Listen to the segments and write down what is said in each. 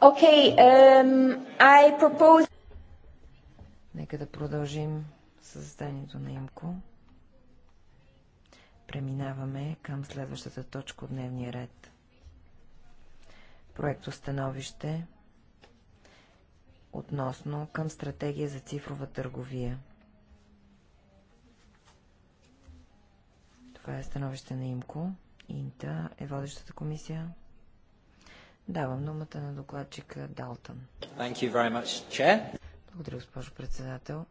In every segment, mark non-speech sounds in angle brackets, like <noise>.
Okay, um, I propose... Нека да продължим създанието на имко. Преминаваме към следващата точка от дневния ред. Проекто становище относно към стратегия за цифрова търговия. Това е становище на имко. Инта е водещата комисия. Давам думата на докладчика Далтън. Much, Благодаря, госпожо председател.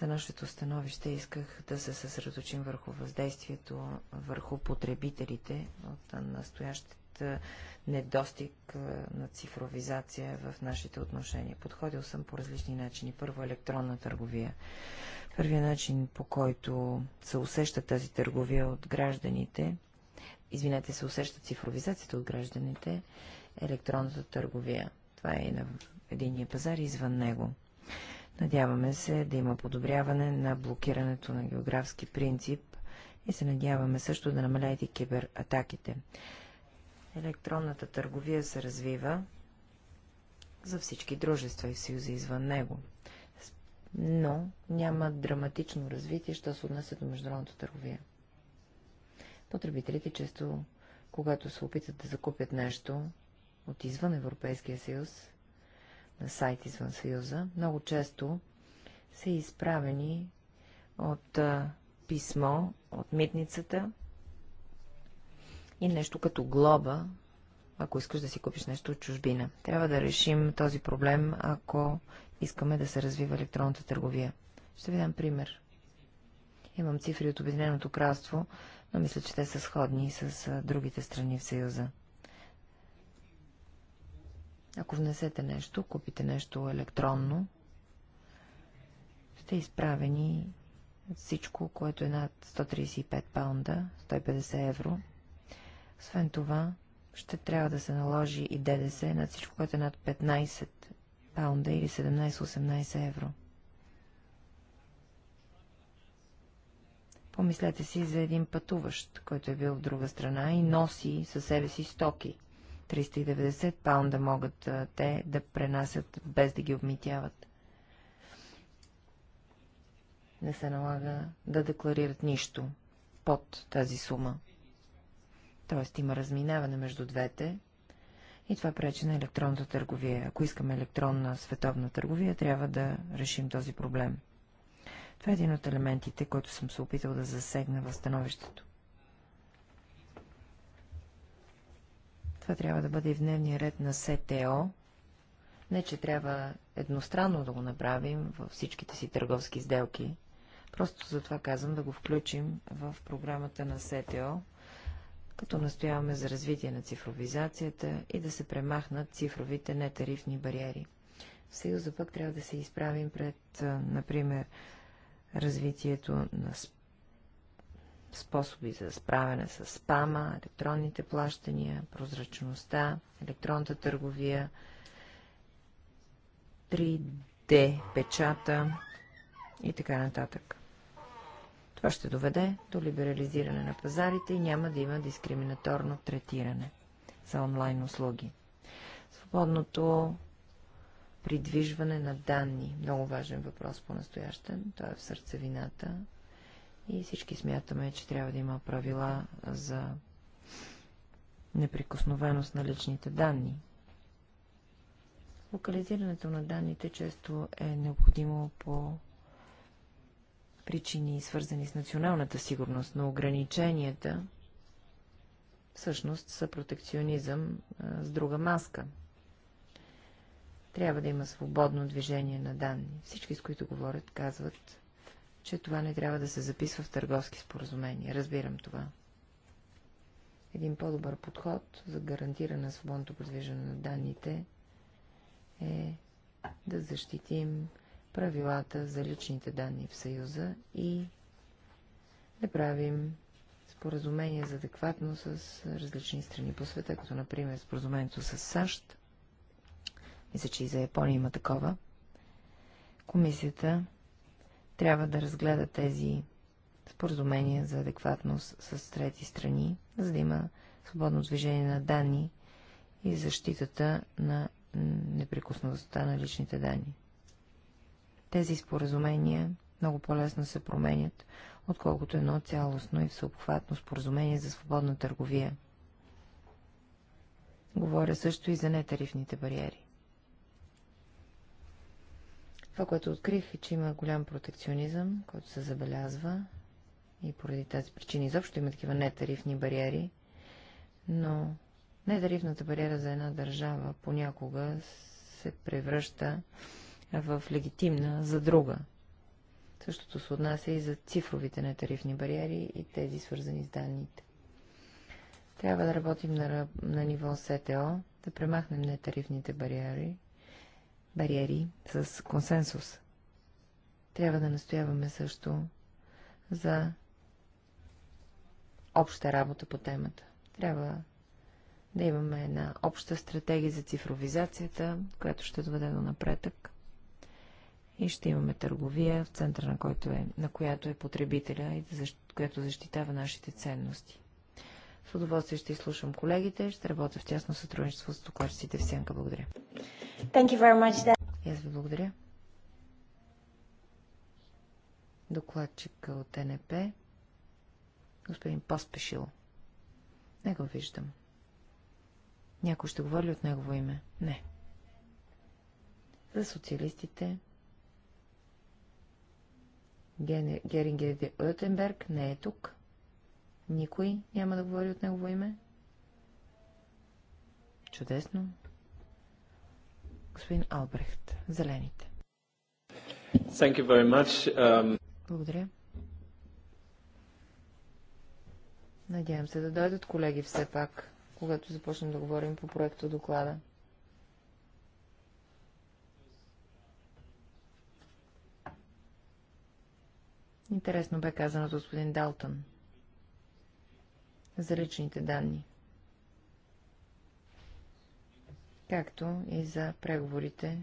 За нашето становище исках да се съсредоточим върху въздействието върху потребителите от настоящата недостиг е, на цифровизация в нашите отношения. Подходил съм по различни начини. Първо електронна търговия. Първият начин, по който се усеща тази търговия от гражданите – извинете, се усеща цифровизацията от гражданите, електронната търговия. Това е и на единия пазар и извън него. Надяваме се да има подобряване на блокирането на географски принцип и се надяваме също да намаляете кибератаките. Електронната търговия се развива за всички дружества и съюза извън него. Но няма драматично развитие, що се отнася до международната търговия. Потребителите често, когато се опитат да закупят нещо от извън Европейския съюз, на сайт извън съюза, много често са изправени от а, писмо от митницата и нещо като глоба, ако искаш да си купиш нещо от чужбина. Трябва да решим този проблем, ако искаме да се развива електронната търговия. Ще ви дам пример. Имам цифри от Обединеното кралство но мисля, че те са сходни с другите страни в Съюза. Ако внесете нещо, купите нещо електронно, сте изправени всичко, което е над 135 паунда, 150 евро. Освен това, ще трябва да се наложи и ДДС над всичко, което е над 15 паунда или 17-18 евро. Помислете си за един пътуващ, който е бил в друга страна и носи със себе си стоки. 390 паунда могат те да пренасят, без да ги обмитяват. Не се налага да декларират нищо под тази сума. Тоест има разминаване между двете и това пречи на електронната търговия. Ако искаме електронна световна търговия, трябва да решим този проблем. Това е един от елементите, който съм се опитал да засегна в становището. Това трябва да бъде и в дневния ред на СТО. Не, че трябва едностранно да го направим във всичките си търговски сделки. Просто затова казвам да го включим в програмата на СТО, като настояваме за развитие на цифровизацията и да се премахнат цифровите нетарифни бариери. В Съюза пък трябва да се изправим пред, например, развитието на способи за справяне с спама, електронните плащания, прозрачността, електронната търговия, 3D печата и така нататък. Това ще доведе до либерализиране на пазарите и няма да има дискриминаторно третиране за онлайн услуги. Свободното придвижване на данни. Много важен въпрос по-настоящен. Той е в сърцевината. И всички смятаме, че трябва да има правила за неприкосновеност на личните данни. Локализирането на данните често е необходимо по причини, свързани с националната сигурност, но ограниченията всъщност са протекционизъм а, с друга маска. Трябва да има свободно движение на данни. Всички, с които говорят, казват, че това не трябва да се записва в търговски споразумения. Разбирам това. Един по-добър подход за гарантиране на свободното подвижване на данните е да защитим правилата за личните данни в Съюза и да правим споразумения за адекватно с различни страни по света, като например споразумението с САЩ, мисля, че и за Япония има такова, комисията трябва да разгледа тези споразумения за адекватност с трети страни, за да има свободно движение на данни и защитата на неприкосновеността на личните данни. Тези споразумения много по-лесно се променят, отколкото едно цялостно и всеобхватно споразумение за свободна търговия. Говоря също и за нетарифните бариери. Това, което открих е, че има голям протекционизъм, който се забелязва и поради тази причина изобщо има такива нетарифни бариери, но нетарифната бариера за една държава понякога се превръща в легитимна за друга. Същото се отнася и за цифровите нетарифни бариери и тези свързани с данните. Трябва да работим на, на ниво СТО, да премахнем нетарифните бариери, бариери с консенсус. Трябва да настояваме също за обща работа по темата. Трябва да имаме една обща стратегия за цифровизацията, която ще доведе до напредък. И ще имаме търговия, в центъра на, който е, на която е потребителя и която защитава нашите ценности. С удоволствие ще изслушам колегите, ще работя в тясно сътрудничество с токарците в Сянка. Благодаря. Thank you very much. Аз ви благодаря. Докладчика от НП, господин Поспешил. Не го виждам. Някой ще говори от негово име? Не. За социалистите. Герингер Отенберг не е тук. Никой няма да говори от негово име. Чудесно. Господин Албрехт, Зелените. Thank you very much. Um... Благодаря. Надявам се да дойдат колеги все пак, когато започнем да говорим по проекта доклада. Интересно бе от господин Далтон за личните данни. както и за преговорите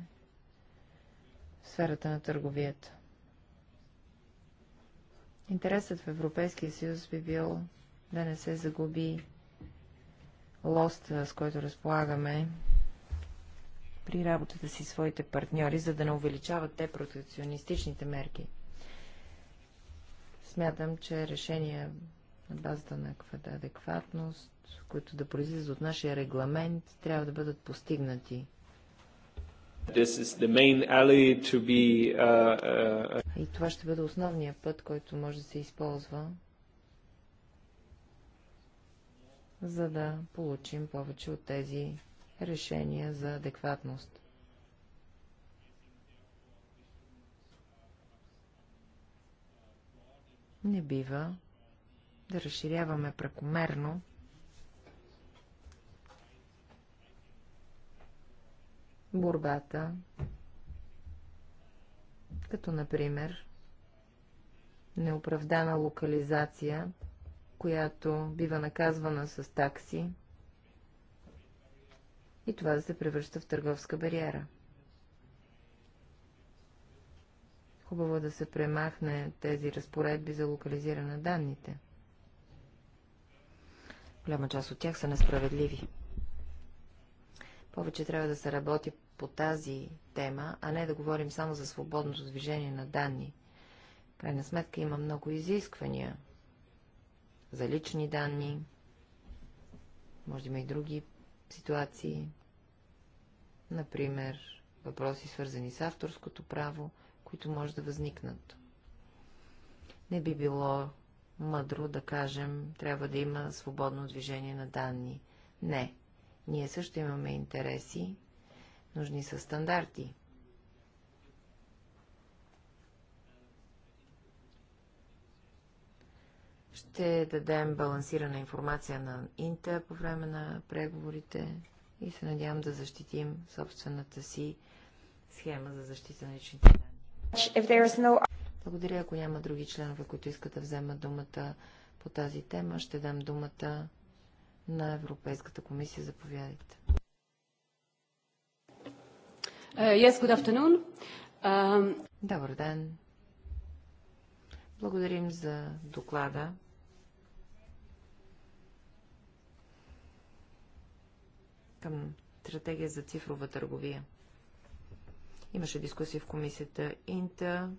в сферата на търговията. Интересът в Европейския съюз би бил да не се загуби лоста, с който разполагаме при работата си своите партньори, за да не увеличават те протекционистичните мерки. Смятам, че решения на базата на каквата адекватност, които да произлизат от нашия регламент, трябва да бъдат постигнати. Be, uh, uh... И това ще бъде основният път, който може да се използва, за да получим повече от тези решения за адекватност. Не бива да разширяваме прекомерно борбата, като например неоправдана локализация, която бива наказвана с такси и това да се превръща в търговска бариера. Хубаво е да се премахне тези разпоредби за локализиране на данните. Голяма част от тях са несправедливи. Повече трябва да се работи по тази тема, а не да говорим само за свободното движение на данни. Крайна сметка има много изисквания за лични данни, може да има и други ситуации, например въпроси свързани с авторското право, които може да възникнат. Не би било мъдро да кажем, трябва да има свободно движение на данни. Не. Ние също имаме интереси, нужни са стандарти. Ще дадем балансирана информация на Инта по време на преговорите и се надявам да защитим собствената си схема за защита на личните данни. Благодаря, ако няма други членове, които искат да вземат думата по тази тема, ще дам думата на Европейската комисия. Заповядайте. Е, yes, good afternoon. Uh... Добър ден. Благодарим за доклада. Към стратегия за цифрова търговия. Имаше дискусия в комисията Инта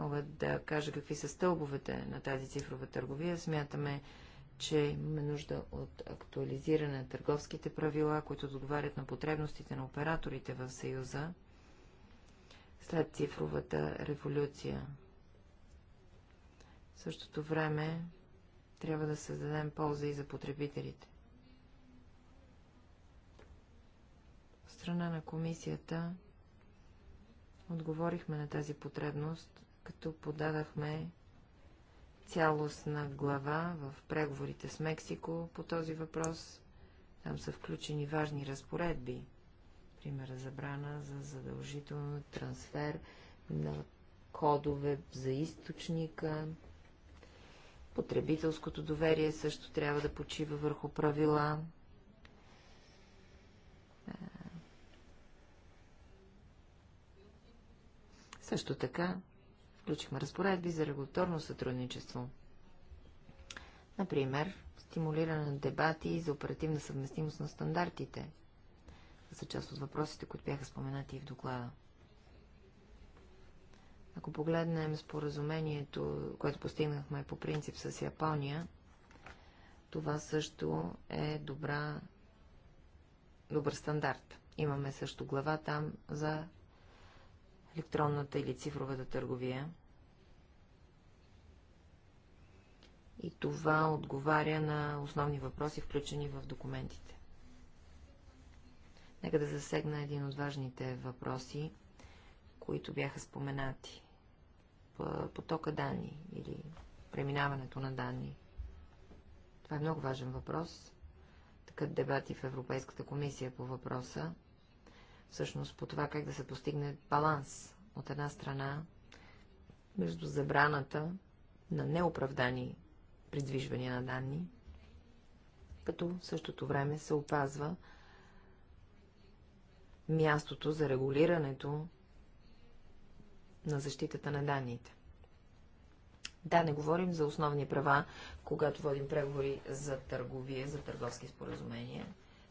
мога да кажа какви са стълбовете на тази цифрова търговия. Смятаме, че имаме нужда от актуализиране на търговските правила, които отговарят на потребностите на операторите в Съюза след цифровата революция. В същото време трябва да създадем полза и за потребителите. В страна на комисията отговорихме на тази потребност като подадахме цялостна глава в преговорите с Мексико по този въпрос. Там са включени важни разпоредби. Пример, забрана за задължително трансфер на кодове за източника. Потребителското доверие също трябва да почива върху правила. Е. Също така Включихме разпоредби за регуляторно сътрудничество. Например, стимулиране на дебати за оперативна съвместимост на стандартите. За част от въпросите, които бяха споменати и в доклада. Ако погледнем споразумението, което постигнахме по принцип с Япония, това също е добра, добър стандарт. Имаме също глава там за електронната или цифровата търговия. И това отговаря на основни въпроси, включени в документите. Нека да засегна един от важните въпроси, които бяха споменати. Потока данни или преминаването на данни. Това е много важен въпрос. Такът дебати в Европейската комисия по въпроса всъщност по това как да се постигне баланс от една страна между забраната на неоправдани придвижвания на данни, като в същото време се опазва мястото за регулирането на защитата на данните. Да, не говорим за основни права, когато водим преговори за търговия, за търговски споразумения,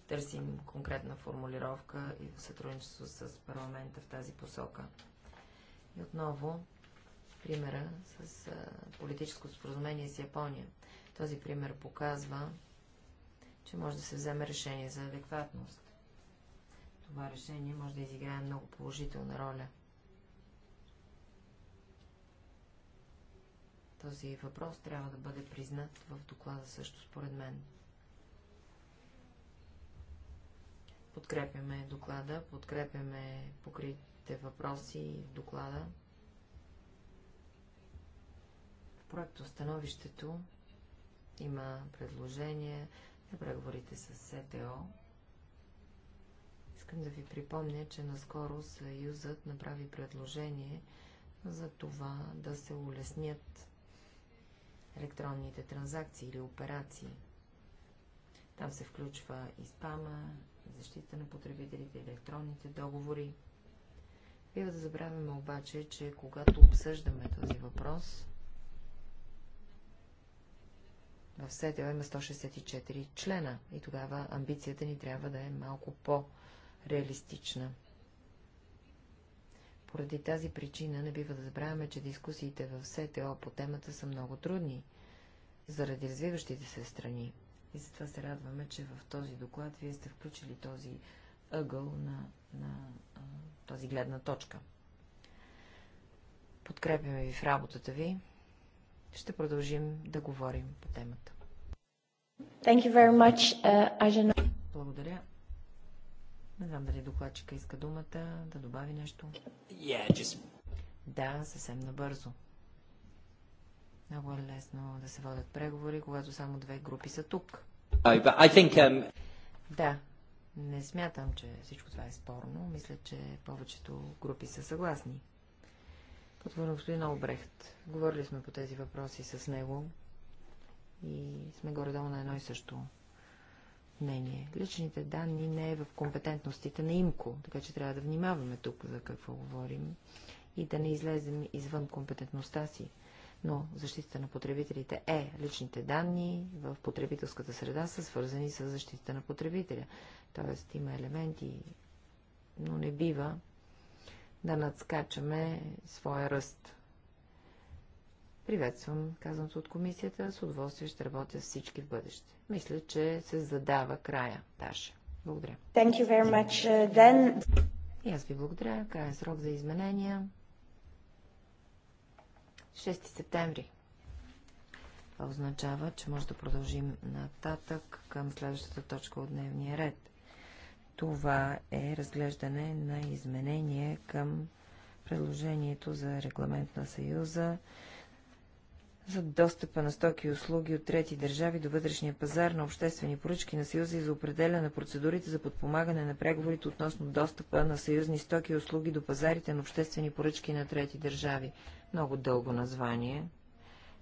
търсим конкретна формулировка и сътрудничество с парламента в тази посока. И отново примера с политическо споразумение с Япония. Този пример показва, че може да се вземе решение за адекватност. Това решение може да изиграе много положителна роля. Този въпрос трябва да бъде признат в доклада също според мен. Подкрепяме доклада, подкрепяме покритите въпроси в доклада. В проекто становището има предложение на преговорите с СТО. Искам да ви припомня, че наскоро Съюзът направи предложение за това да се улеснят електронните транзакции или операции. Там се включва и спама, защита на потребителите, електронните договори. Бива да забравяме обаче, че когато обсъждаме този въпрос, в СЕТЕЛ има 164 члена и тогава амбицията ни трябва да е малко по-реалистична. Поради тази причина не бива да забравяме, че дискусиите в СТО по темата са много трудни, заради развиващите се страни. И затова се радваме, че в този доклад вие сте включили този ъгъл на, на а, гледна точка. Подкрепяме ви в работата ви. Ще продължим да говорим по темата. Thank you very much, uh, Благодаря. Не знам дали докладчика иска думата, да добави нещо. Yeah, just... Да, съвсем набързо. Много е лесно да се водят преговори, когато само две групи са тук. I, think, um... Да, не смятам, че всичко това е спорно. Мисля, че повечето групи са съгласни. Подвърна господин Олбрехт. Говорили сме по тези въпроси с него и сме горе-долу на едно и също мнение. Личните данни не е в компетентностите на имко, така че трябва да внимаваме тук за какво говорим и да не излезем извън компетентността си но защитата на потребителите е личните данни в потребителската среда са свързани с защитата на потребителя. Тоест има елементи, но не бива да надскачаме своя ръст. Приветствам казаното от комисията. С удоволствие ще работя с всички в бъдеще. Мисля, че се задава края. Таша. Благодаря. Thank you very much, uh, Dan. И аз ви благодаря. Крайен срок за изменения. 6 септември. Това означава, че може да продължим нататък към следващата точка от дневния ред. Това е разглеждане на изменение към предложението за регламент на Съюза за достъпа на стоки и услуги от трети държави до вътрешния пазар на обществени поръчки на Съюза и за определяне на процедурите за подпомагане на преговорите относно достъпа на съюзни стоки и услуги до пазарите на обществени поръчки на трети държави. Много дълго название.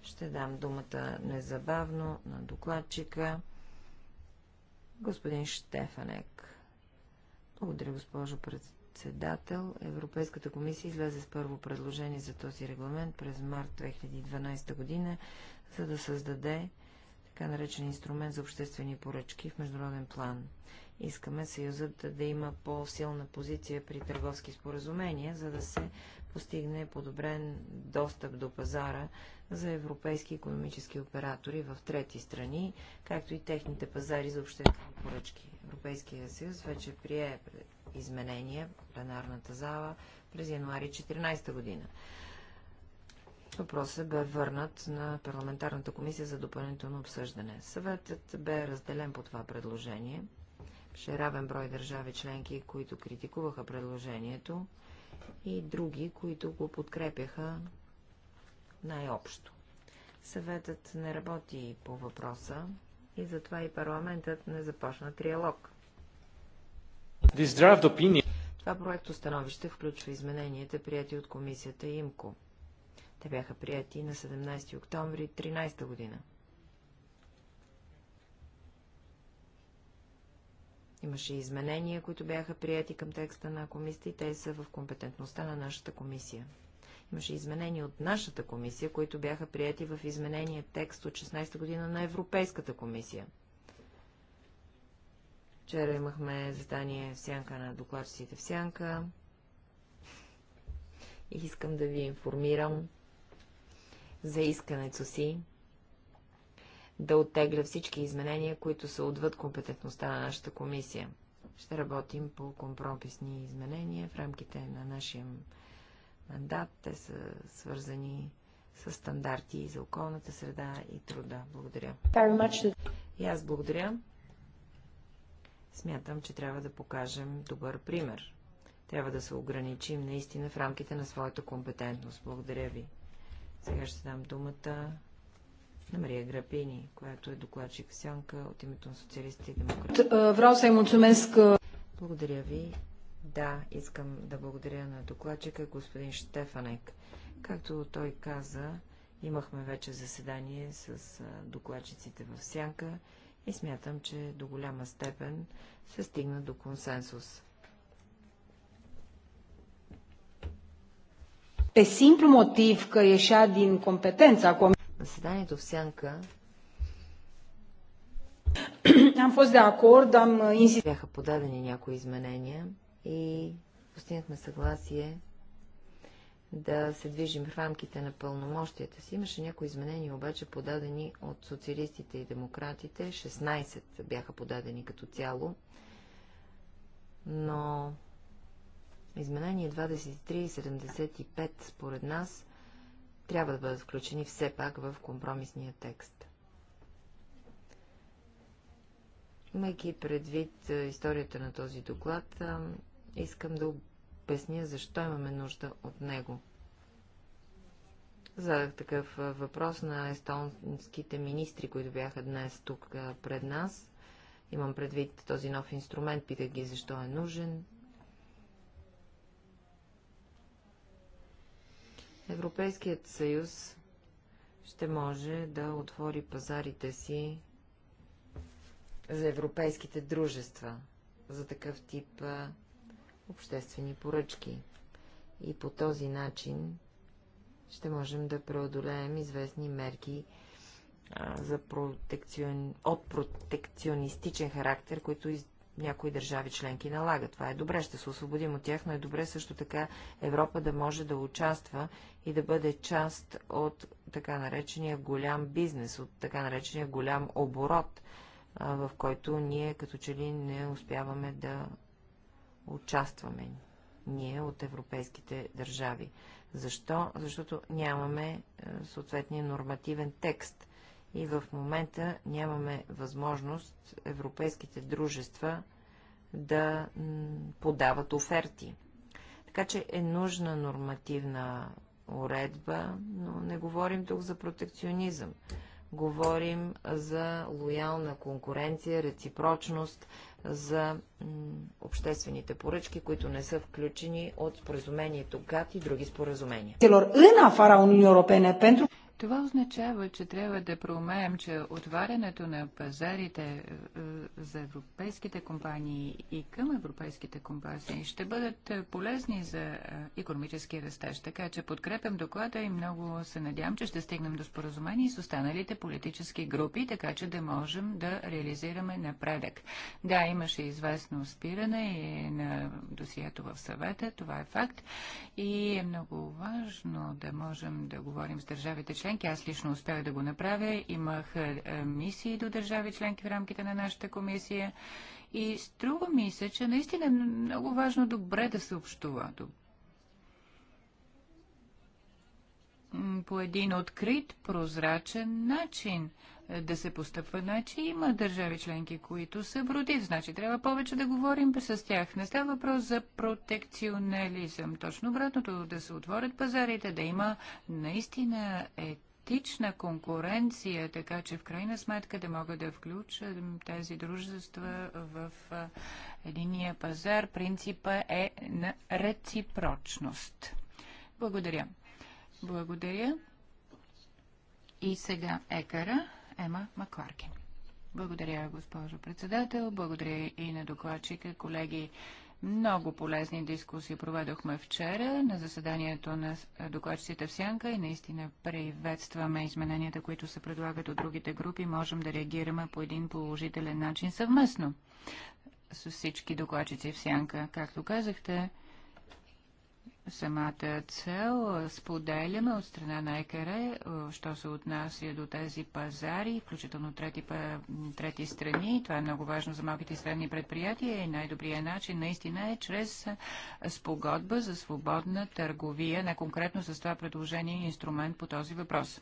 Ще дам думата незабавно на докладчика господин Штефанек. Благодаря, госпожо председател. Европейската комисия излезе с първо предложение за този регламент през март 2012 година, за да създаде така наречен инструмент за обществени поръчки в международен план. Искаме Съюзът да има по-силна позиция при търговски споразумения, за да се постигне подобрен достъп до пазара за европейски економически оператори в трети страни, както и техните пазари за обществени поръчки. Европейския съюз вече прие изменения в пленарната зала през януари 2014 година. Въпросът бе върнат на парламентарната комисия за допълнително обсъждане. Съветът бе разделен по това предложение. Ще равен брой държави членки, които критикуваха предложението и други, които го подкрепяха най-общо. Съветът не работи по въпроса и затова и парламентът не започна триалог. Това проекто становище включва измененията, прияти от комисията ИМКО. Те бяха прияти на 17 октомври 2013 година. Имаше изменения, които бяха прияти към текста на комисията и те са в компетентността на нашата комисия. Имаше изменения от нашата комисия, които бяха прияти в изменение текст от 16-та година на Европейската комисия. Вчера имахме задание в сянка на докладчиците в сянка. И искам да ви информирам за искането си да оттегля всички изменения, които са отвъд компетентността на нашата комисия. Ще работим по компромисни изменения в рамките на нашия мандат. Те са свързани с стандарти за околната среда и труда. Благодаря. И аз благодаря. Смятам, че трябва да покажем добър пример. Трябва да се ограничим наистина в рамките на своята компетентност. Благодаря ви. Сега ще дам думата на Мария Грапини, която е докладчик Сянка от името на социалистите и демократи. Е, Врал се i е Благодаря ви. Да, искам да благодаря на докладчика господин Штефанек. Както той каза, имахме вече заседание с докладчиците в Сянка и смятам, че до голяма степен се стигна до консенсус. Pe simplu motiv că ieșea din competența заседанието в Сянка am fost de acord, am uh, insistat. Бяха подадени някои изменения и постигнахме съгласие да се движим в рамките на пълномощията си. Имаше някои изменения, обаче подадени от социалистите и демократите. 16 бяха подадени като цяло, но изменение 23 и 75 според нас трябва да бъдат включени все пак в компромисния текст. Имайки предвид е, историята на този доклад, е, искам да обясня защо имаме нужда от него. Задах такъв е, въпрос на естонските министри, които бяха днес тук пред нас. Имам предвид този нов инструмент, питах ги защо е нужен, Европейският съюз ще може да отвори пазарите си за европейските дружества, за такъв тип обществени поръчки. И по този начин ще можем да преодолеем известни мерки за протекцион... от протекционистичен характер, които из някои държави членки налагат. Това е добре, ще се освободим от тях, но е добре също така Европа да може да участва и да бъде част от така наречения голям бизнес, от така наречения голям оборот, в който ние като че ли не успяваме да участваме ние от европейските държави. Защо? Защото нямаме е, съответния нормативен текст и в момента нямаме възможност европейските дружества да подават оферти. Така че е нужна нормативна уредба, но не говорим тук за протекционизъм. Говорим за лоялна конкуренция, реципрочност, за обществените поръчки, които не са включени от споразумението ГАТ и други споразумения. Това означава, че трябва да проумеем, че отварянето на пазарите е, е, за европейските компании и към европейските компании ще бъдат е, полезни за економически растеж. Така че подкрепям доклада и много се надявам, че ще стигнем до споразумение с останалите политически групи, така че да можем да реализираме напредък. Да, имаше известно спиране и на досието в съвета, това е факт. И е много важно да можем да говорим с държавите че членки. Аз лично успях да го направя. Имах е, е, мисии до държави членки в рамките на нашата комисия. И струва ми се, че наистина е много важно добре да се общува. По един открит, прозрачен начин да се постъпва. Значи има държави членки, които са против. Значи трябва повече да говорим с тях. Не става въпрос за протекционализъм. Точно обратното, да се отворят пазарите, да има наистина е етична конкуренция, така че в крайна сметка да мога да включа тези дружества в единия пазар. Принципа е на реципрочност. Благодаря. Благодаря. И сега екара. Ема Макларкин. Благодаря, госпожо председател. Благодаря и на докладчика, колеги. Много полезни дискусии проведохме вчера на заседанието на докладчиците в Сянка и наистина приветстваме измененията, които се предлагат от другите групи. Можем да реагираме по един положителен начин съвместно с всички докладчици в Сянка. Както казахте, самата цел споделяме от страна на ЕКР, що се отнася до тези пазари, включително трети, трети страни. Това е много важно за малките и средни предприятия и най-добрият начин наистина е чрез спогодба за свободна търговия, не конкретно с това предложение и инструмент по този въпрос.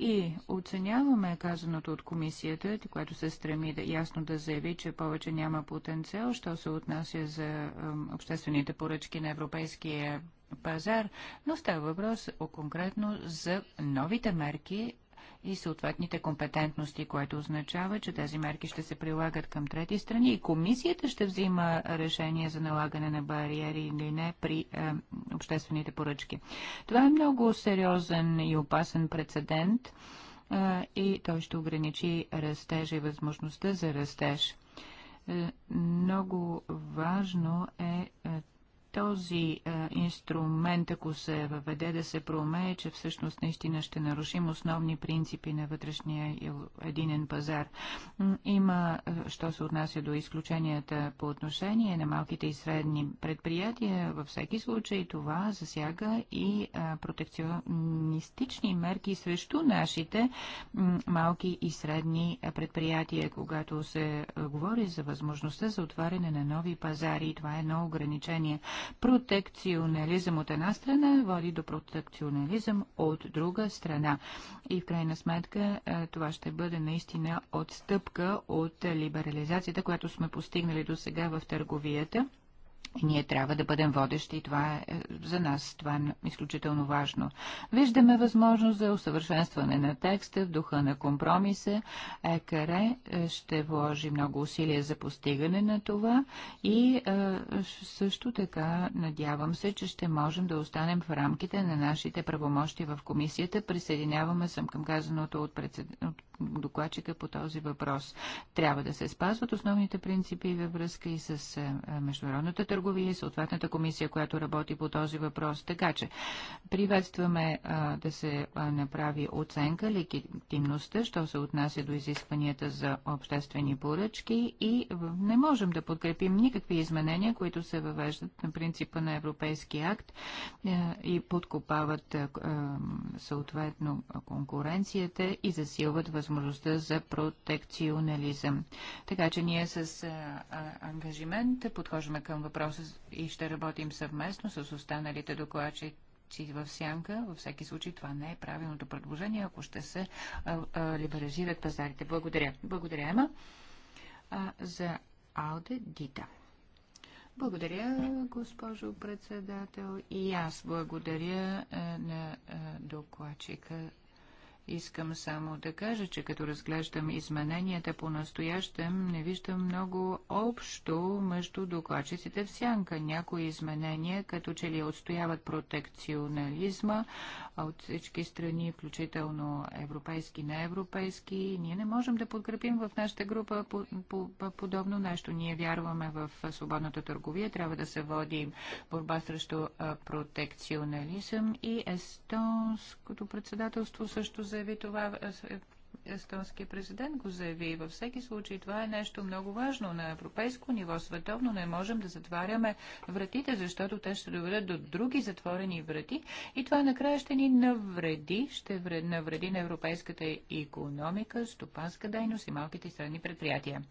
И оценяваме казаното от комисията, което се стреми да, ясно да заяви, че повече няма потенциал, що се отнася за обществените поръчки на европейския пазар, но става въпрос конкретно за новите мерки и съответните компетентности, което означава, че тези мерки ще се прилагат към трети страни и комисията ще взима решение за налагане на бариери или не при е, обществените поръчки. Това е много сериозен и опасен прецедент е, и той ще ограничи растежа и възможността за растеж е, много важно е този а, е, инструмент, ако се въведе да се проумее, че всъщност наистина ще нарушим основни принципи на вътрешния единен пазар. Има, е, що се отнася до изключенията по отношение на малките и средни предприятия, във всеки случай това засяга и а, е, протекционистични мерки срещу нашите малки и средни предприятия, когато се говори за възможността за отваряне на нови пазари. Това е едно ограничение. Протекционализъм от една страна води до протекционализъм от друга страна. И в крайна сметка е, това ще бъде наистина отстъпка от либерализацията, която сме постигнали до сега в търговията и ние трябва да бъдем водещи и това е, е, за нас това е изключително важно. Виждаме възможност за усъвършенстване на текста в духа на компромиса. ЕКР е, ще вложи много усилия за постигане на това и е, също така надявам се, че ще можем да останем в рамките на нашите правомощи в комисията. Присъединяваме съм към казаното от, председ... от докладчика по този въпрос. Трябва да се спазват основните принципи във връзка и с е, е, международната търговия и съответната комисия, която работи по този въпрос. Така че приветстваме е, да се направи оценка легитимността, що се отнася до изискванията за обществени поръчки и не можем да подкрепим никакви изменения, които се въвеждат на принципа на Европейски акт и подкопават съответно конкуренцията и засилват възможността възможността за протекционализъм. Така че ние с а, а, ангажимент подхождаме към въпроса и ще работим съвместно с останалите докладчици в сянка. Във всеки случай това не е правилното предложение, ако ще се а, а, либерализират пазарите. Благодаря. Благодаря, Ема. А, за Алде Дита. Благодаря, госпожо председател. И аз благодаря а, на а, докладчика Искам само да кажа, че като разглеждам измененията по настоящем, не виждам много общо между докладчиците в сянка. Някои изменения, като че ли отстояват протекционализма от всички страни, включително европейски, неевропейски. Ние не можем да подкрепим в нашата група по, по, по, подобно нещо. Ние вярваме в свободната търговия, трябва да се води борба срещу протекционализъм и естонското председателство също за заяви това е, естонски президент го заяви. Във всеки случай това е нещо много важно на европейско ниво, световно. Не можем да затваряме вратите, защото те ще доведат до други затворени врати и това накрая ще ни навреди, ще навреди на европейската економика, стопанска дейност и малките и средни предприятия.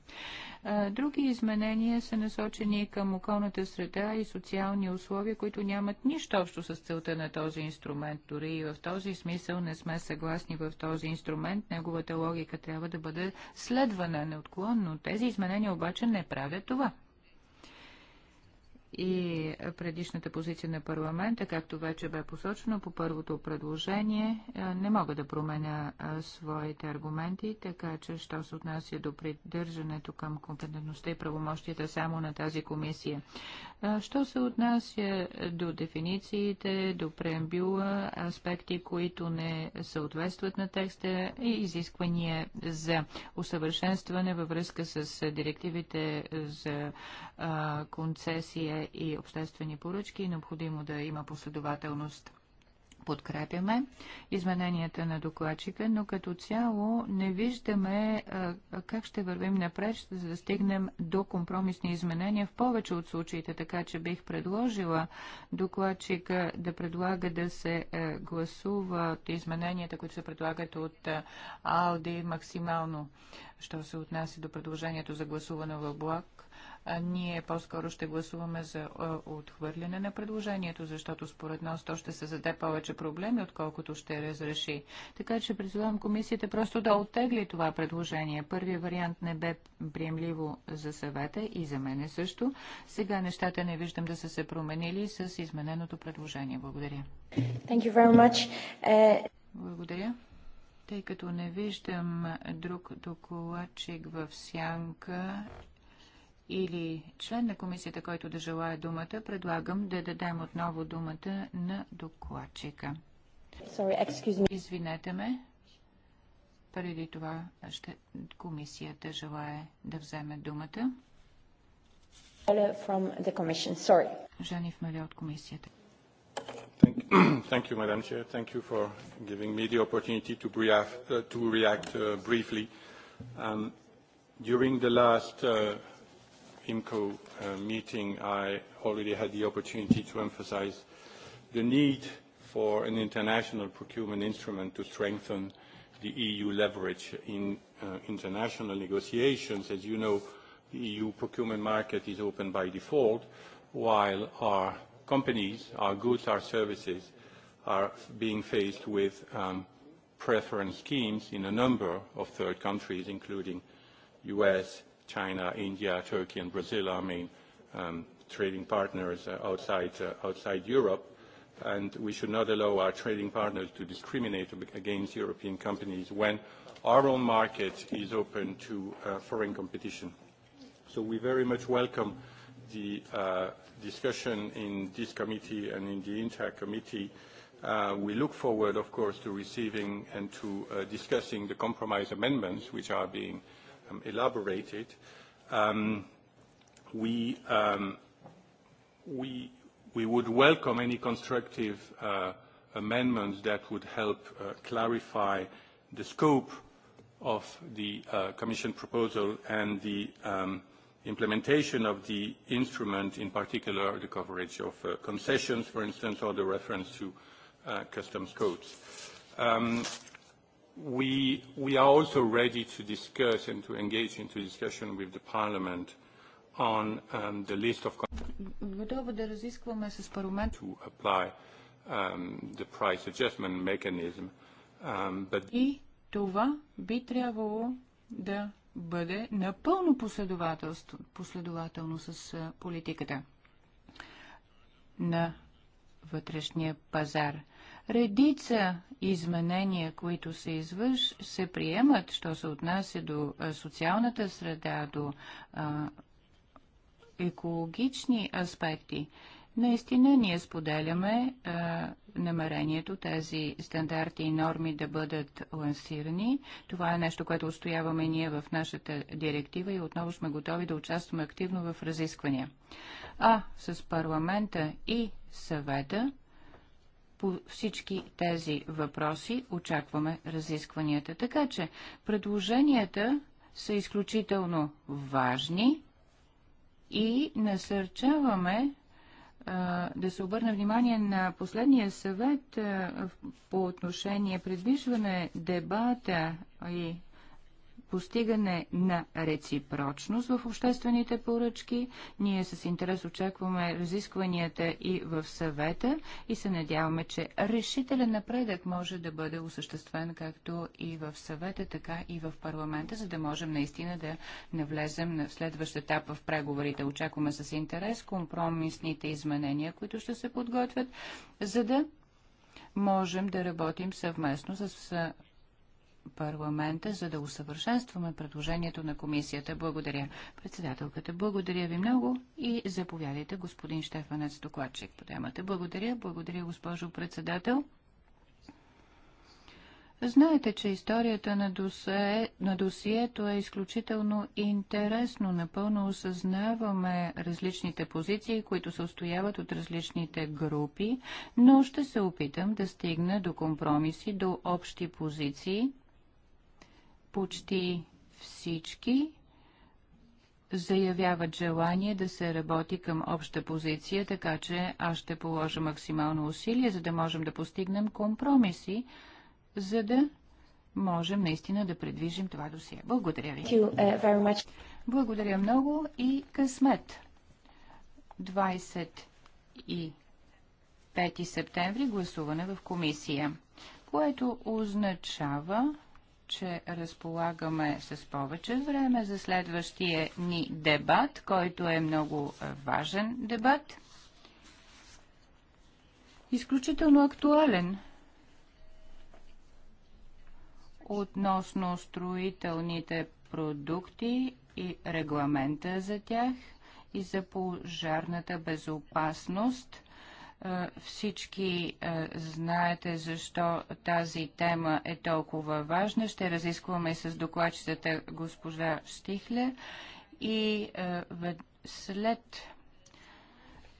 Други изменения са насочени към околната среда и социални условия, които нямат нищо общо с целта на този инструмент. Дори и в този смисъл не сме съгласни в този инструмент. Неговата логика трябва да бъде следвана неотклонно. Тези изменения обаче не правят това и предишната позиция на парламента, както вече бе посочено по първото предложение, е, не мога да променя е, своите аргументи, така че, що се отнася до придържането към компетентността и правомощията само на тази комисия. Е, що се отнася до дефинициите, до преамбюла, аспекти, които не съответстват на текста и изисквания за усъвършенстване във връзка с директивите за концесия и обществени поръчки. Необходимо да има последователност подкрепяме измененията на докладчика, но като цяло не виждаме как ще вървим напред, за да стигнем до компромисни изменения в повече от случаите, така че бих предложила докладчика да предлага да се е, гласуват измененията, които се предлагат от е, Алди, максимално, що се отнася до предложението за гласуване в блок ние по-скоро ще гласуваме за отхвърляне на предложението, защото според нас то ще създаде повече проблеми, отколкото ще разреши. Така че призовам комисията просто да оттегли това предложение. Първият вариант не бе приемливо за съвета и за мене също. Сега нещата не виждам да са се променили с измененото предложение. Благодаря. Thank you very much. Uh... Благодаря. Тъй като не виждам друг докладчик в сянка или член на комисията, който да желая думата, предлагам да дадем отново думата на докладчика. Извинете ме. Преди това ще, комисията желая да вземе думата. Жанив Меле от комисията. <clears throat> Thank you, Madam Chair. Thank you for giving me the opportunity to, brief, uh, to react uh, briefly. Um, during the last uh, IMCO meeting, I already had the opportunity to emphasize the need for an international procurement instrument to strengthen the EU leverage in international negotiations. As you know, the EU procurement market is open by default, while our companies, our goods, our services, are being faced with preference schemes in a number of third countries, including U.S., China, India, Turkey, and Brazil are main um, trading partners uh, outside, uh, outside Europe. And we should not allow our trading partners to discriminate against European companies when our own market is open to uh, foreign competition. So we very much welcome the uh, discussion in this committee and in the entire committee We look forward, of course, to receiving and to uh discussing the compromise amendments which are being elaborated, we, would welcome any constructive amendments that would help clarify the scope of the Commission proposal and the implementation of the instrument, in particular the coverage of concessions, for instance, or the reference to customs codes. We are also ready to discuss and to engage into discussion with the parliament on the list of countries to apply the price adjustment mechanism. But И това би трябвало да бъде напълно последователно с политиката на вътрешния пазар. Редица изменения, които се извърш, се приемат, що се отнася до социалната среда, до а, екологични аспекти. Наистина ние споделяме а, намерението тези стандарти и норми да бъдат лансирани. Това е нещо, което устояваме ние в нашата директива и отново сме готови да участваме активно в разисквания. А с парламента и съвета по всички тези въпроси очакваме разискванията. Така че предложенията са изключително важни и насърчаваме да се обърне внимание на последния съвет по отношение предвижване дебата и постигане на реципрочност в обществените поръчки. Ние с интерес очакваме разискванията и в съвета и се надяваме, че решителен напредък може да бъде осъществен както и в съвета, така и в парламента, за да можем наистина да навлезем в следващ етап в преговорите. Очакваме с интерес компромисните изменения, които ще се подготвят, за да можем да работим съвместно с парламента, за да усъвършенстваме предложението на комисията. Благодаря. Председателката, благодаря ви много и заповядайте господин Штефанец, докладчик по темата. Благодаря, благодаря госпожо председател. Знаете, че историята на, досие, на досието е изключително интересно. Напълно осъзнаваме различните позиции, които се устояват от различните групи, но ще се опитам да стигна до компромиси, до общи позиции, почти всички заявяват желание да се работи към обща позиция, така че аз ще положа максимално усилие, за да можем да постигнем компромиси, за да можем наистина да предвижим това досие. Благодаря ви. Uh, Благодаря много и късмет. 25 септември гласуване в комисия, което означава, че разполагаме с повече време за следващия ни дебат, който е много е, важен дебат. Изключително актуален относно строителните продукти и регламента за тях и за пожарната безопасност – всички знаете защо тази тема е толкова важна. Ще разискваме с докладчицата госпожа Штихле и след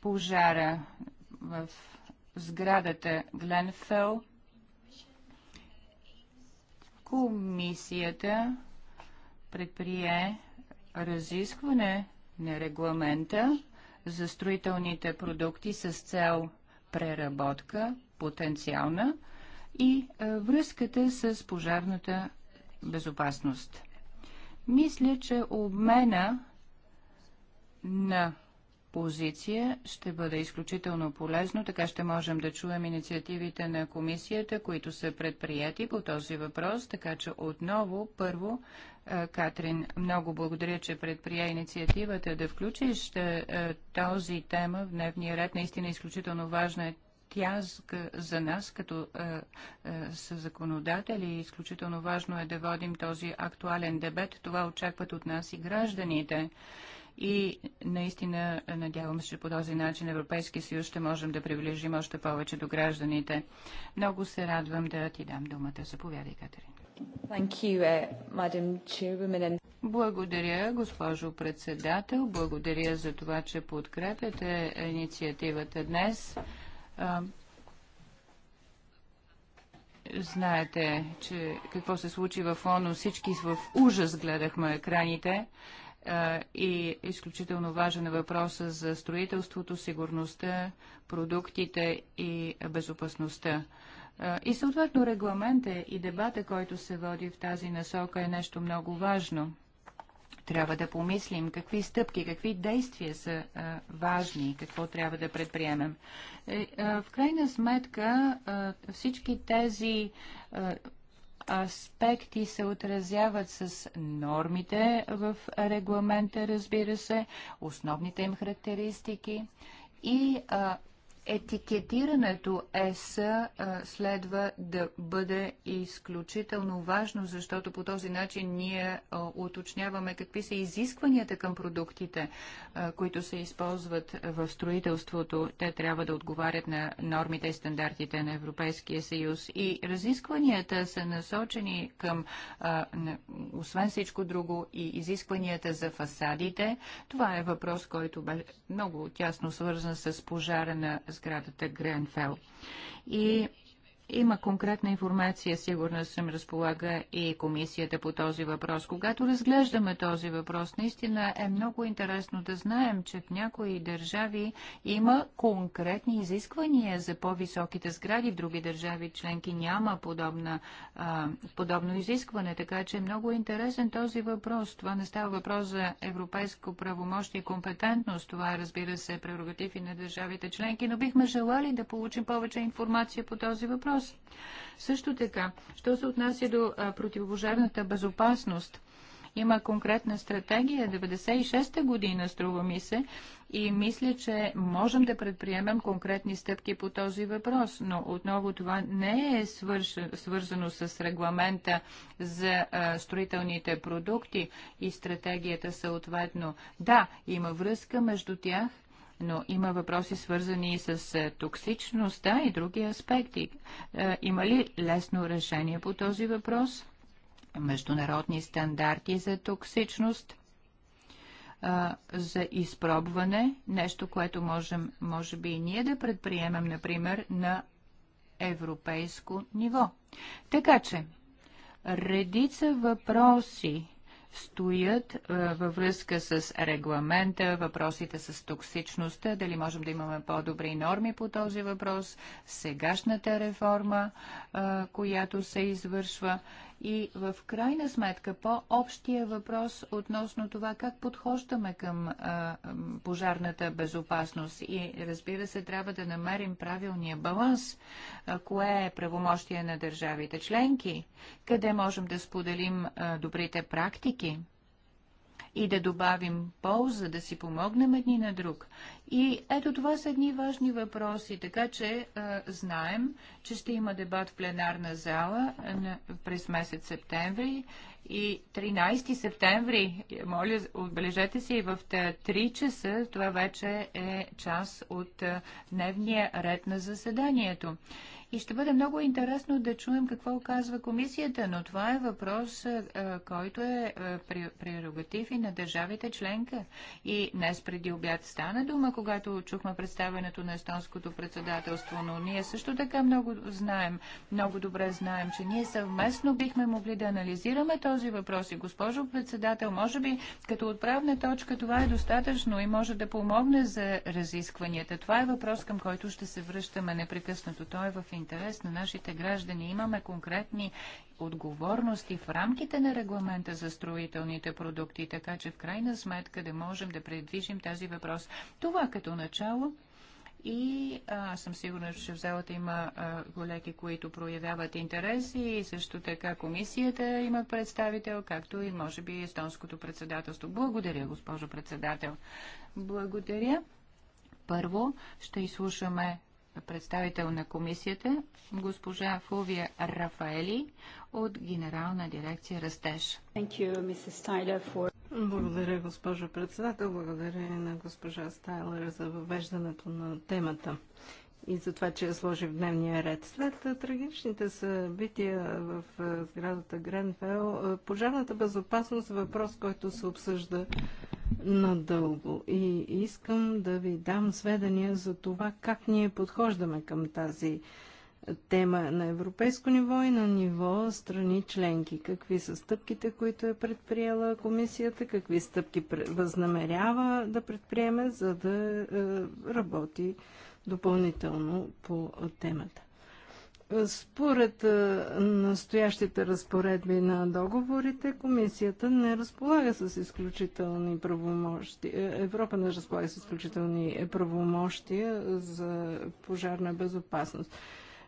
пожара в сградата Гленфел, комисията предприе разискване на регламента за строителните продукти с цел преработка, потенциална, и е, връзката с пожарната безопасност. Мисля, че обмена на позиция ще бъде изключително полезно. Така ще можем да чуем инициативите на комисията, които са предприяти по този въпрос. Така че отново, първо, Катрин, много благодаря, че предприя инициативата да включиш този тема в дневния ред. Наистина изключително важна е тя за нас като са законодатели. Изключително важно е да водим този актуален дебет. Това очакват от нас и гражданите и наистина е, надявам се, че по този начин Европейския съюз ще можем да приближим още повече до гражданите. Много се радвам да ти дам думата. Заповядай, Катерин. You, е, благодаря, госпожо председател. Благодаря за това, че подкрепяте инициативата днес. Знаете, че какво се случи в ОНО, всички в ужас гледахме екраните и изключително важен е въпроса за строителството, сигурността, продуктите и безопасността. И съответно регламента и дебата, който се води в тази насока е нещо много важно. Трябва да помислим какви стъпки, какви действия са а, важни, какво трябва да предприемем. Е, а, в крайна сметка а, всички тези аспекти се отразяват с нормите в регламента, разбира се, основните им характеристики и а, етикетирането ЕС следва да бъде изключително важно, защото по този начин ние уточняваме какви са изискванията към продуктите, които се използват в строителството. Те трябва да отговарят на нормите и стандартите на Европейския съюз. И разискванията са насочени към, освен всичко друго, и изискванията за фасадите. Това е въпрос, който бе много тясно свързан с пожара на сградата Гренфел. И има конкретна информация, сигурно съм разполага и комисията по този въпрос. Когато разглеждаме този въпрос, наистина е много интересно да знаем, че в някои държави има конкретни изисквания за по-високите сгради, в други държави членки няма подобна, а, подобно изискване, така че е много интересен този въпрос. Това не става въпрос за европейско правомощие и компетентност, това е, разбира се, е прерогатив и на държавите членки, но бихме желали да получим повече информация по този въпрос въпрос. Също така, що се отнася до противопожарната безопасност, има конкретна стратегия, 96-та година, струва ми се, и мисля, че можем да предприемем конкретни стъпки по този въпрос, но отново това не е свърш... свързано с регламента за а, строителните продукти и стратегията съответно. Да, има връзка между тях – но има въпроси свързани с е, токсичността и други аспекти. Е, има ли лесно решение по този въпрос? Международни стандарти за токсичност е, – за изпробване, нещо, което можем, може би и ние да предприемем, например, на европейско ниво. Така че, редица въпроси стоят във връзка с регламента, въпросите с токсичността, дали можем да имаме по-добри норми по този въпрос, сегашната реформа, която се извършва и в крайна сметка, по-общия въпрос относно това как подхождаме към а, пожарната безопасност и разбира се, трябва да намерим правилния баланс, а, кое е правомощие на държавите членки, къде можем да споделим а, добрите практики и да добавим полза, да си помогнем едни на друг. И ето това са едни важни въпроси, така че а, знаем, че ще има дебат в пленарна зала на, през месец септември и 13 септември, моля, отбележете си, в 3 часа това вече е част от дневния ред на заседанието. И ще бъде много интересно да чуем какво казва комисията, но това е въпрос, който е прерогатив и на държавите членка. И днес преди обяд стана дума, когато чухме представенето на естонското председателство, но ние също така много знаем, много добре знаем, че ние съвместно бихме могли да анализираме този въпрос. И госпожо председател, може би като отправна точка това е достатъчно и може да помогне за разискванията. Това е въпрос, към който ще се връщаме непрекъснато. Той е в интерес на нашите граждани. Имаме конкретни отговорности в рамките на регламента за строителните продукти, така че в крайна сметка да можем да предвижим тази въпрос. Това като начало. И аз съм сигурна, че в залата има колеги, които проявяват интерес и също така комисията има представител, както и може би естонското председателство. Благодаря, госпожо председател. Благодаря. Първо ще изслушаме представител на комисията, госпожа Фулвия Рафаели от Генерална дирекция Растеж. Благодаря, госпожо председател. Благодаря на госпожа Стайлер за въвеждането на темата и за това, че я сложи в дневния ред. След трагичните събития в сградата Гренфел, пожарната безопасност е въпрос, който се обсъжда надълго. И искам да ви дам сведения за това как ние подхождаме към тази тема на европейско ниво и на ниво страни членки. Какви са стъпките, които е предприела комисията, какви стъпки възнамерява да предприеме, за да е, работи допълнително по темата. Според настоящите разпоредби на договорите, комисията не разполага с изключителни правомощия. Е, Европа не разполага с изключителни правомощия за пожарна безопасност.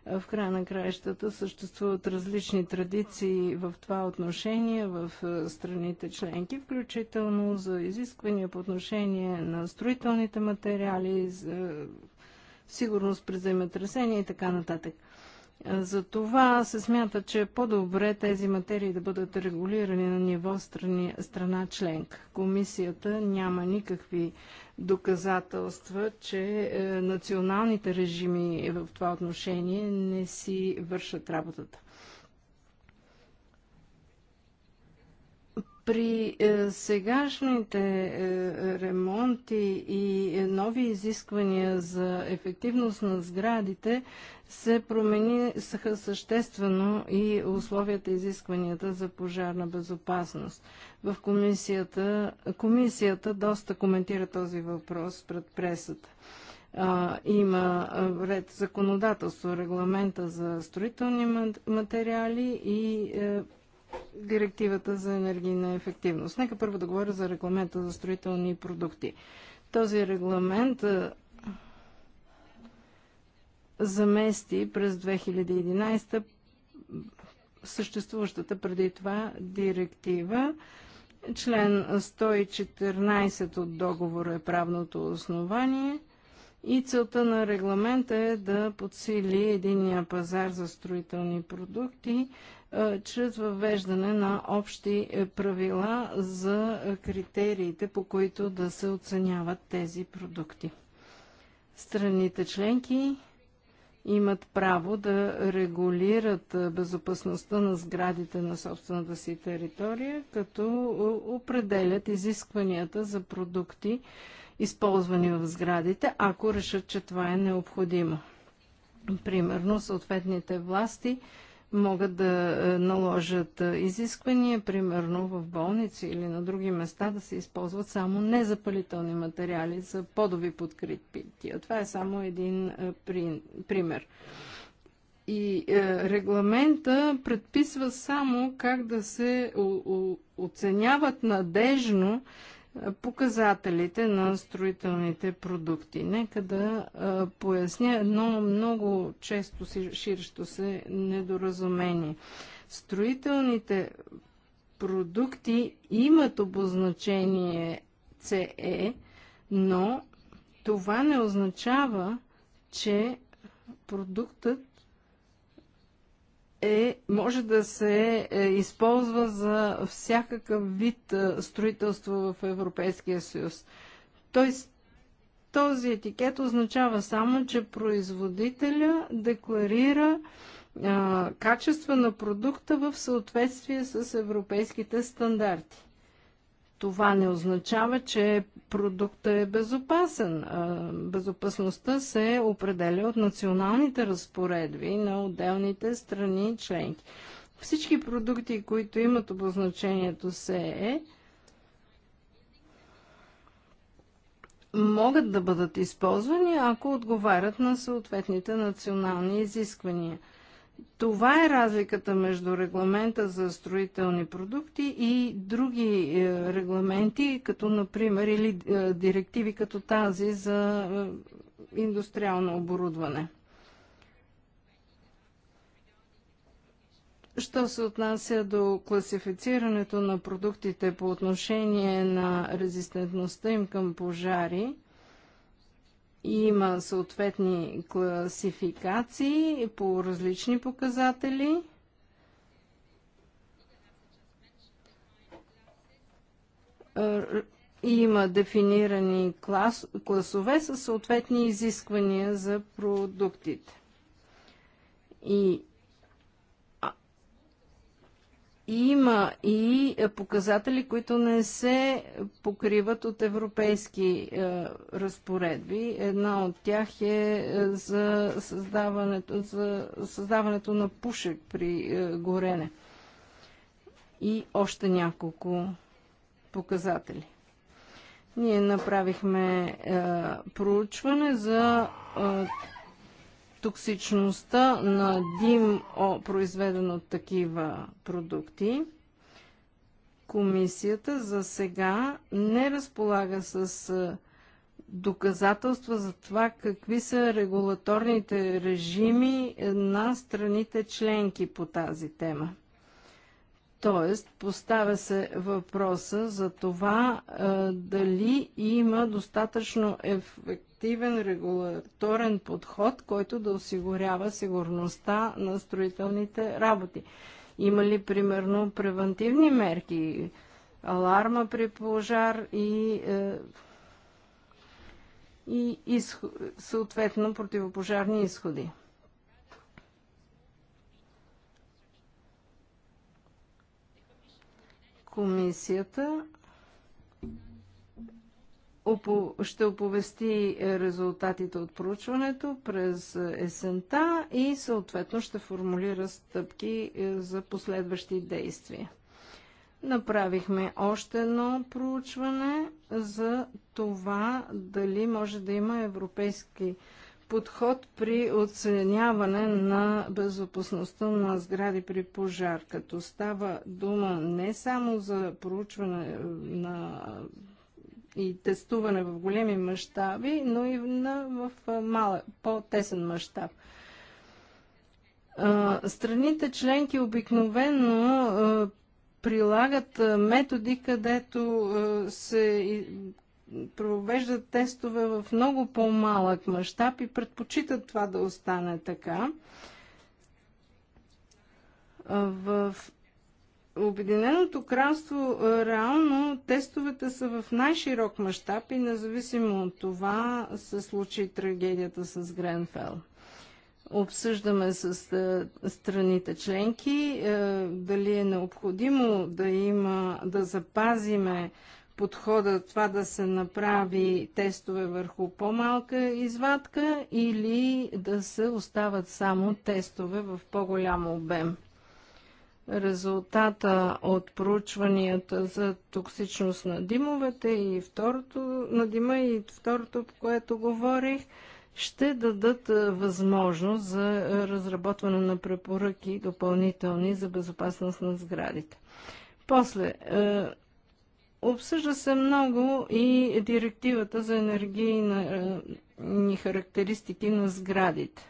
В края на краищата съществуват различни традиции в това отношение в страните членки, включително за изисквания по отношение на строителните материали, за сигурност при земетресения и така нататък. За това се смята, че е по-добре тези материи да бъдат регулирани на ниво страни, страна членка. Комисията няма никакви доказателства, че е, националните режими в това отношение не си вършат работата. При е, сегашните е, ремонти и е, нови изисквания за ефективност на сградите се промениха съществено и условията и изискванията за пожарна безопасност. В комисията, комисията доста коментира този въпрос пред пресата а, има ред законодателство, регламента за строителни материали и е, директивата за енергийна ефективност. Нека първо да говоря за регламента за строителни продукти. Този регламент замести през 2011 съществуващата преди това директива. Член 114 от договора е правното основание и целта на регламента е да подсили единия пазар за строителни продукти, е, чрез въвеждане на общи е, правила за е, критериите, по които да се оценяват тези продукти. Страните членки имат право да регулират безопасността на сградите на собствената си територия, като определят изискванията за продукти, използвани в сградите, ако решат, че това е необходимо. Примерно, съответните власти – могат да е, наложат е, изисквания, примерно в болници или на други места да се използват само незапалителни материали за подови подкрепития. Това е само един е, пример. И регламента предписва само как да се оценяват надежно показателите на строителните продукти. Нека да а, поясня едно много често ширещо се недоразумение. Строителните продукти имат обозначение CE, но това не означава, че продуктът е, може да се е, използва за всякакъв вид е, строителство в Европейския съюз. Тоест, този етикет означава само, че производителя декларира е, качество на продукта в съответствие с европейските стандарти това не означава, че продуктът е безопасен. Безопасността се определя от националните разпоредби на отделните страни и членки. Всички продукти, които имат обозначението СЕ, e, могат да бъдат използвани, ако отговарят на съответните национални изисквания – това е разликата между регламента за строителни продукти и други е, регламенти, като например или е, директиви като тази за е, индустриално оборудване. Що се отнася до класифицирането на продуктите по отношение на резистентността им към пожари – има съответни класификации по различни показатели. Има дефинирани клас, класове със съответни изисквания за продуктите. И има и показатели, които не се покриват от европейски е, разпоредби. Една от тях е, е за създаването, за създаването на пушек при е, горене и още няколко показатели. Ние направихме е, проучване за е, токсичността на дим, произведен от такива продукти. Комисията за сега не разполага с доказателства за това какви са регулаторните режими е, на страните членки по тази тема. Тоест, поставя се въпроса за това е, дали има достатъчно ефект ефективен регулаторен подход, който да осигурява сигурността на строителните работи. Има ли, примерно, превентивни мерки, аларма при пожар и, е, и изход, съответно противопожарни изходи? Комисията ще оповести резултатите от проучването през есента и съответно ще формулира стъпки е, за последващи действия. Направихме още едно проучване за това дали може да има европейски подход при оценяване на безопасността на сгради при пожар, като става дума не само за проучване е, на и тестуване в големи мащаби, но и на, в малък, по-тесен мащаб. Страните членки обикновено прилагат методи, където се провеждат тестове в много по-малък мащаб и предпочитат това да остане така. В Обединеното кралство е, реално тестовете са в най-широк мащаб и независимо от това се случи трагедията с Гренфел. Обсъждаме с е, страните членки е, дали е необходимо да има, да запазиме подхода това да се направи тестове върху по-малка извадка или да се остават само тестове в по-голям обем резултата от проучванията за токсичност на димовете и второто, на дима и второто, по което говорих, ще дадат възможност за разработване на препоръки допълнителни за безопасност на сградите. После, е, обсъжда се много и директивата за енергийни характеристики на сградите.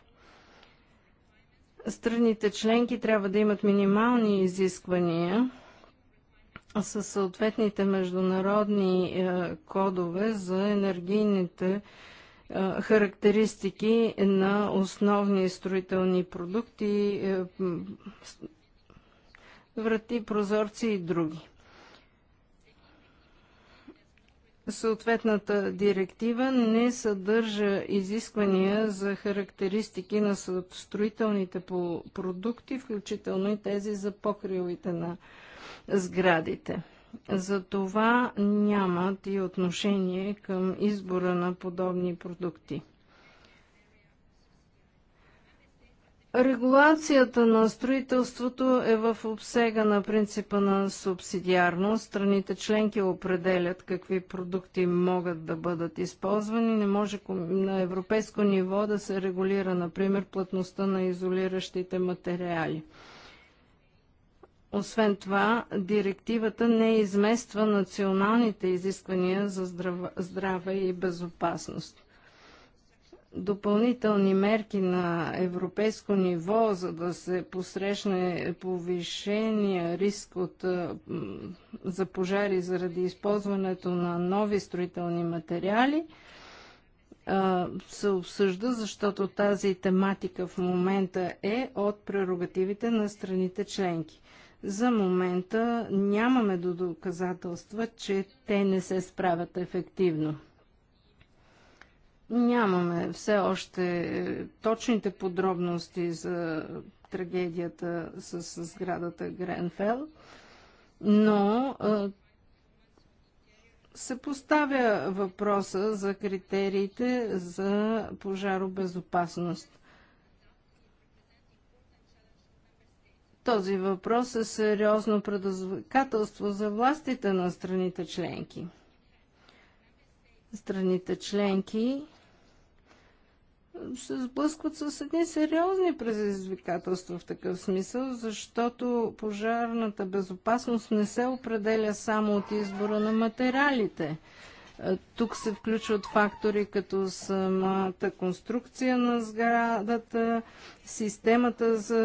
Страните членки трябва да имат минимални изисквания със съответните международни е, кодове за енергийните е, характеристики на основни строителни продукти, е, врати, прозорци и други. Съответната директива не съдържа изисквания за характеристики на строителните продукти, включително и тези за покривите на сградите. За това нямат и отношение към избора на подобни продукти. Регулацията на строителството е в обсега на принципа на субсидиарност. Страните членки определят какви продукти могат да бъдат използвани. Не може на европейско ниво да се регулира, например, плътността на изолиращите материали. Освен това, директивата не измества националните изисквания за здраве и безопасност допълнителни мерки на европейско ниво, за да се посрещне повишения риск от, за пожари заради използването на нови строителни материали, се обсъжда, защото тази тематика в момента е от прерогативите на страните членки. За момента нямаме до доказателства, че те не се справят ефективно. Нямаме все още точните подробности за трагедията с, сградата Гренфел, но се поставя въпроса за критериите за пожаробезопасност. Този въпрос е сериозно предизвикателство за властите на страните членки. Страните членки се сблъскват с едни сериозни предизвикателства в такъв смисъл, защото пожарната безопасност не се определя само от избора на материалите. Е, тук се включват фактори като самата конструкция на сградата, системата за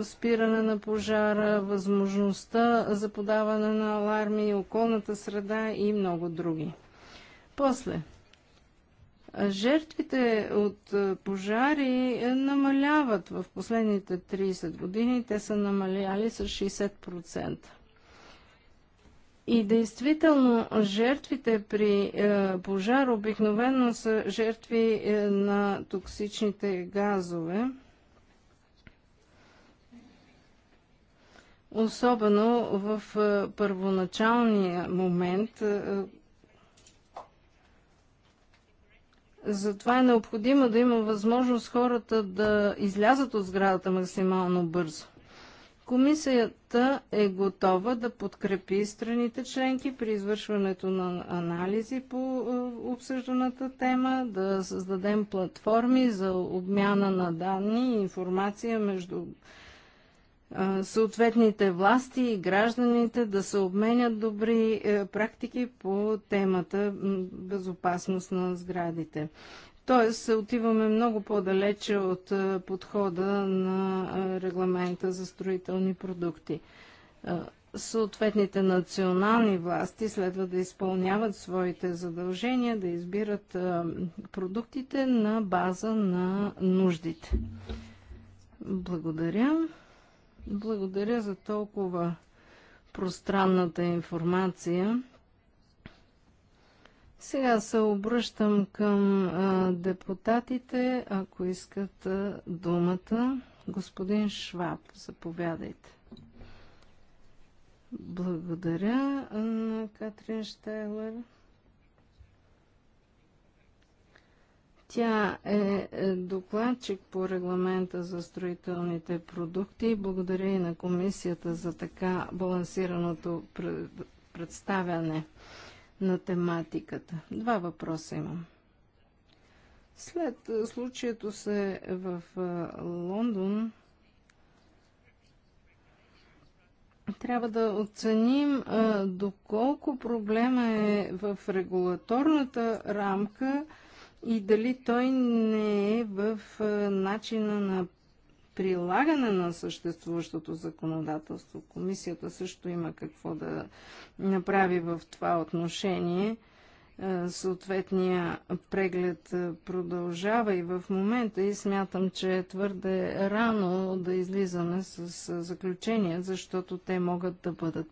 е, спиране на пожара, възможността за подаване на аларми, околната среда и много други. После, Жертвите от е, пожари е, намаляват в последните 30 години. Те са намаляли с 60%. И действително жертвите при е, пожар обикновено са жертви на токсичните газове. особено в първоначалния момент, Затова е необходимо да има възможност хората да излязат от сградата максимално бързо. Комисията е готова да подкрепи страните членки при извършването на анализи по е, обсъжданата тема, да създадем платформи за обмяна на данни и информация между съответните власти и гражданите да се обменят добри е, практики по темата безопасност на сградите. Тоест, отиваме много по-далече от е, подхода на е, регламента за строителни продукти. Съответните национални власти следва да изпълняват своите задължения, да избират продуктите на база на нуждите. Благодаря. Благодаря за толкова пространната информация. Сега се обръщам към а, депутатите, ако искат а, думата. Господин Шваб, заповядайте. Благодаря на Катрин Штайлер. Тя е, е докладчик по регламента за строителните продукти. Благодаря и на комисията за така балансираното представяне на тематиката. Два въпроса имам. След е, случаето се в е, Лондон, трябва да оценим доколко проблема е в регулаторната рамка и дали той не е в начина на прилагане на съществуващото законодателство. Комисията също има какво да направи в това отношение. Съответния преглед продължава и в момента и смятам, че е твърде рано да излизаме с заключения, защото те могат да бъдат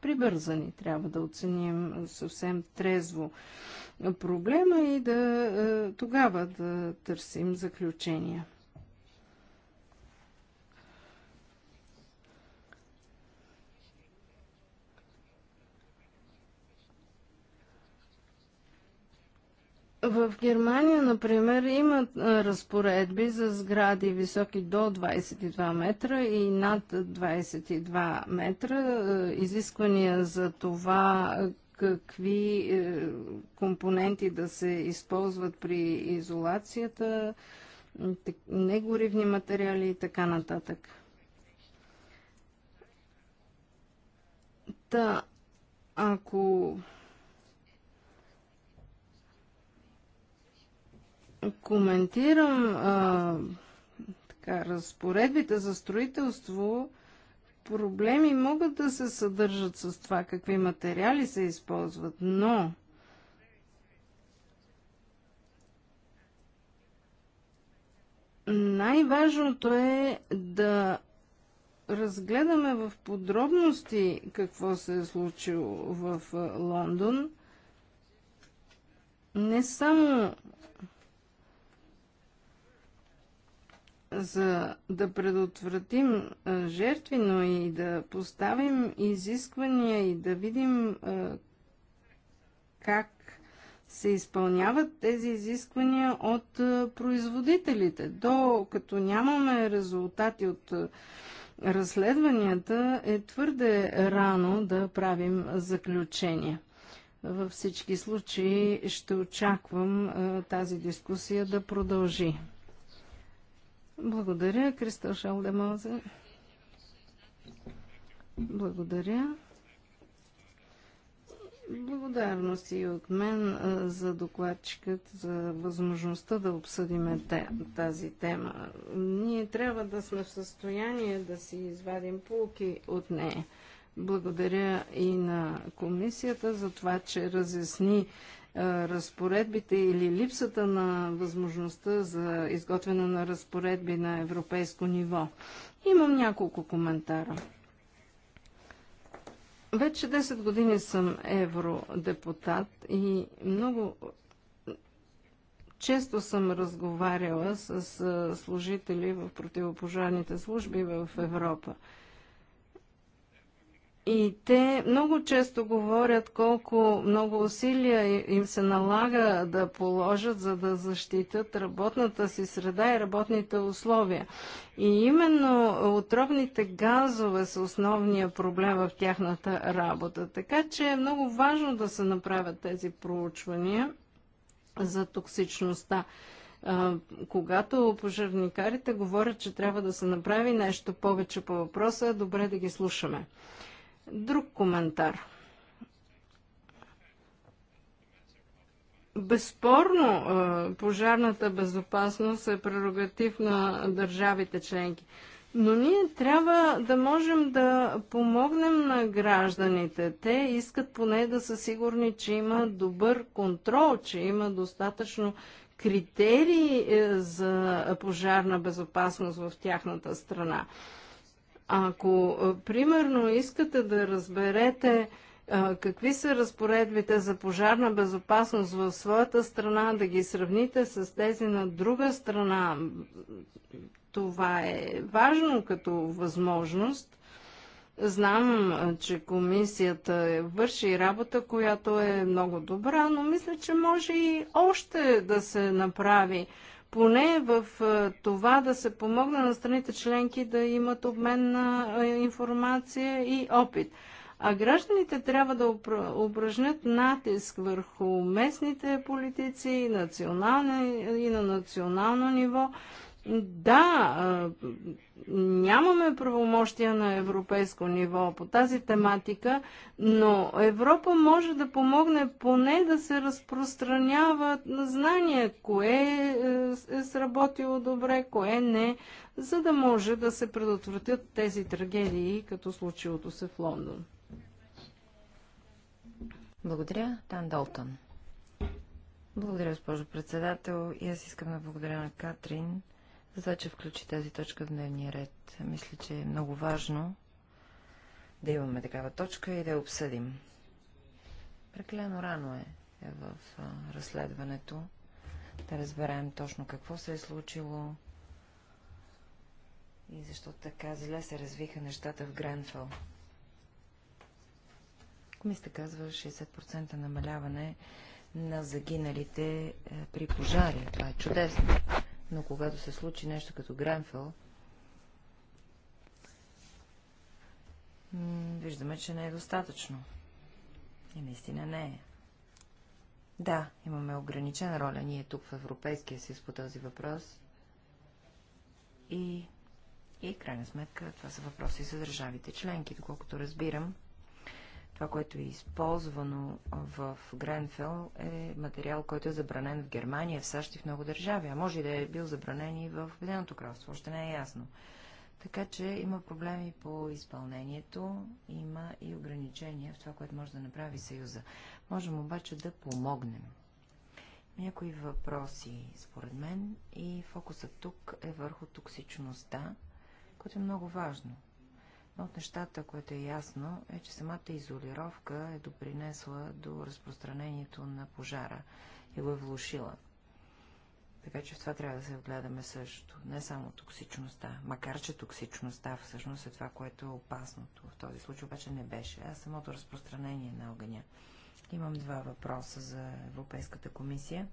прибързани. Трябва да оценим съвсем трезво проблема и да е, тогава да търсим заключения. В Германия, например, имат е, разпоредби за сгради високи до 22 метра и над 22 метра. Е, изисквания за това какви е, компоненти да се използват при изолацията, негоривни материали и така нататък. Та, ако коментирам а, така, разпоредбите за строителство, проблеми могат да се съдържат с това какви материали се използват, но най-важното е да разгледаме в подробности какво се е случило в Лондон. Не само за да предотвратим жертви, но и да поставим изисквания и да видим как се изпълняват тези изисквания от производителите. До като нямаме резултати от разследванията, е твърде рано да правим заключения. Във всички случаи ще очаквам тази дискусия да продължи. Благодаря, Кристал Шалдемозе. Благодаря. Благодарност и от мен за докладчикът, за възможността да обсъдим тази тема. Ние трябва да сме в състояние да си извадим полки от нея. Благодаря и на комисията за това, че разясни разпоредбите или липсата на възможността за изготвяне на разпоредби на европейско ниво. Имам няколко коментара. Вече 10 години съм евродепутат и много често съм разговаряла с служители в противопожарните служби в Европа. И те много често говорят колко много усилия им се налага да положат, за да защитят работната си среда и работните условия. И именно отровните газове са основния проблем в тяхната работа. Така че е много важно да се направят тези проучвания за токсичността. когато пожарникарите говорят, че трябва да се направи нещо повече по въпроса, е добре да ги слушаме. Друг коментар. Безспорно, пожарната безопасност е прерогатив на държавите членки. Но ние трябва да можем да помогнем на гражданите. Те искат поне да са сигурни, че има добър контрол, че има достатъчно критерии е, за пожарна безопасност в тяхната страна. Ако, примерно, искате да разберете какви са разпоредбите за пожарна безопасност в своята страна, да ги сравните с тези на друга страна, това е важно като възможност. Знам, че комисията е, върши работа, която е много добра, но мисля, че може и още да се направи поне в е, това да се помогне на страните членки да имат обмен на е, информация и опит. А гражданите трябва да упражнят натиск върху местните политици и, национални, и на национално ниво, да, нямаме правомощия на европейско ниво по тази тематика, но Европа може да помогне поне да се разпространява знание, кое е, е сработило добре, кое не, за да може да се предотвратят тези трагедии, като случилото се в Лондон. Благодаря, Тан Долтон. Благодаря, госпожо председател. И аз искам да благодаря на Катрин за че включи тази точка в дневния ред. Мисля, че е много важно да имаме такава точка и да я обсъдим. Преклено рано е, е в разследването да разберем точно какво се е случило и защо така зле се развиха нещата в Гренфел. Комисията казва 60% намаляване на загиналите е, при пожари. Това е чудесно но когато се случи нещо като Гренфел, виждаме, че не е достатъчно. И наистина не е. Да, имаме ограничена роля ние тук в Европейския съюз по този въпрос. И, и крайна сметка това са въпроси за държавите членки, доколкото разбирам. Това, което е използвано в Гренфел е материал, който е забранен в Германия, в САЩ и в много държави, а може и да е бил забранен и в Обединеното кралство, още не е ясно. Така че има проблеми по изпълнението, има и ограничения в това, което може да направи Съюза. Можем обаче да помогнем. Някои въпроси, според мен, и фокусът тук е върху токсичността, което е много важно – но от нещата, което е ясно, е, че самата изолировка е допринесла до разпространението на пожара и го е влушила. Така че в това трябва да се вгледаме също. Не само токсичността, макар че токсичността всъщност е това, което е опасното. В този случай обаче не беше, а самото разпространение на огъня. Имам два въпроса за Европейската комисия.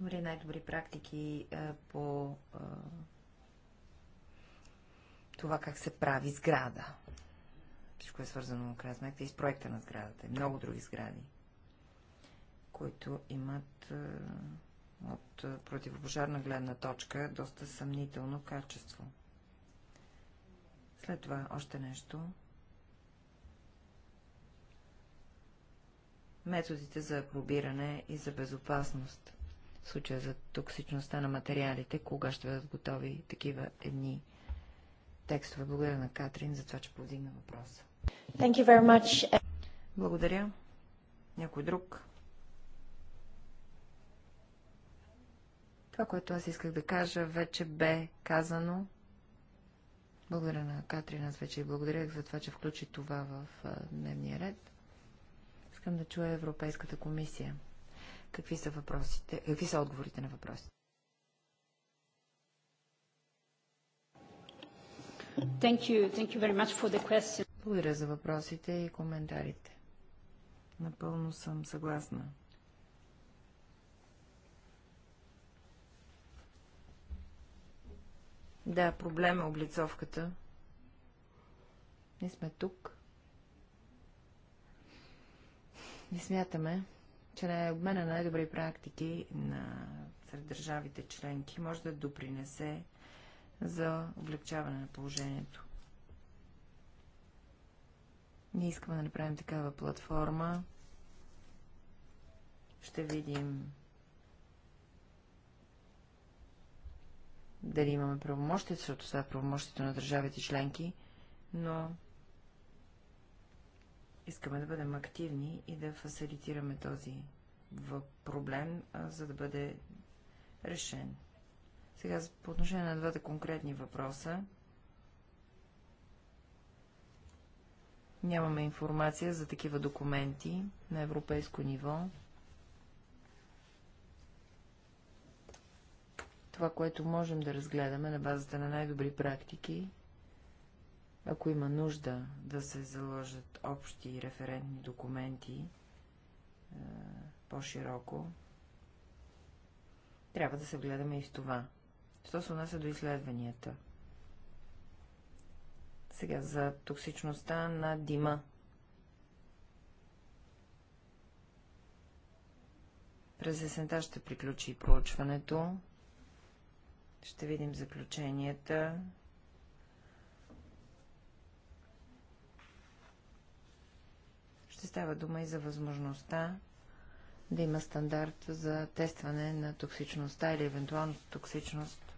Има ли най-добри практики по това как се прави сграда. Всичко е свързано, крайна сметка, и с проекта на сградата. И много други сгради, които имат е, от е, противопожарна гледна точка доста съмнително качество. След това още нещо. Методите за пробиране и за безопасност. В случая за токсичността на материалите, кога ще бъдат готови такива едни текстове. Благодаря на Катрин за това, че повдигна въпроса. Thank you very much. Благодаря. Някой друг? Това, което аз исках да кажа, вече бе казано. Благодаря на Катрин, аз вече и благодарях за това, че включи това в дневния ред. Искам да чуя Европейската комисия. Какви са въпросите, какви са отговорите на въпросите? Thank you. Thank you very much for the question. Благодаря за въпросите и коментарите. Напълно съм съгласна. Да, проблем е облицовката. Ние сме тук. И смятаме, че на е обмена на най-добри практики на сред държавите членки може да допринесе за облегчаване на положението. Ние искаме да направим такава платформа. Ще видим дали имаме правомощите, защото са правомощите на държавите членки, но искаме да бъдем активни и да фасилитираме този проблем, за да бъде решен. Сега по отношение на двата конкретни въпроса. Нямаме информация за такива документи на европейско ниво. Това, което можем да разгледаме на базата на най-добри практики, ако има нужда да се заложат общи референтни документи е, по-широко, трябва да се гледаме и в това. Що се отнася до изследванията? Сега за токсичността на дима. През есента ще приключи проучването. Ще видим заключенията. Ще става дума и за възможността да има стандарт за тестване на токсичността или евентуалната токсичност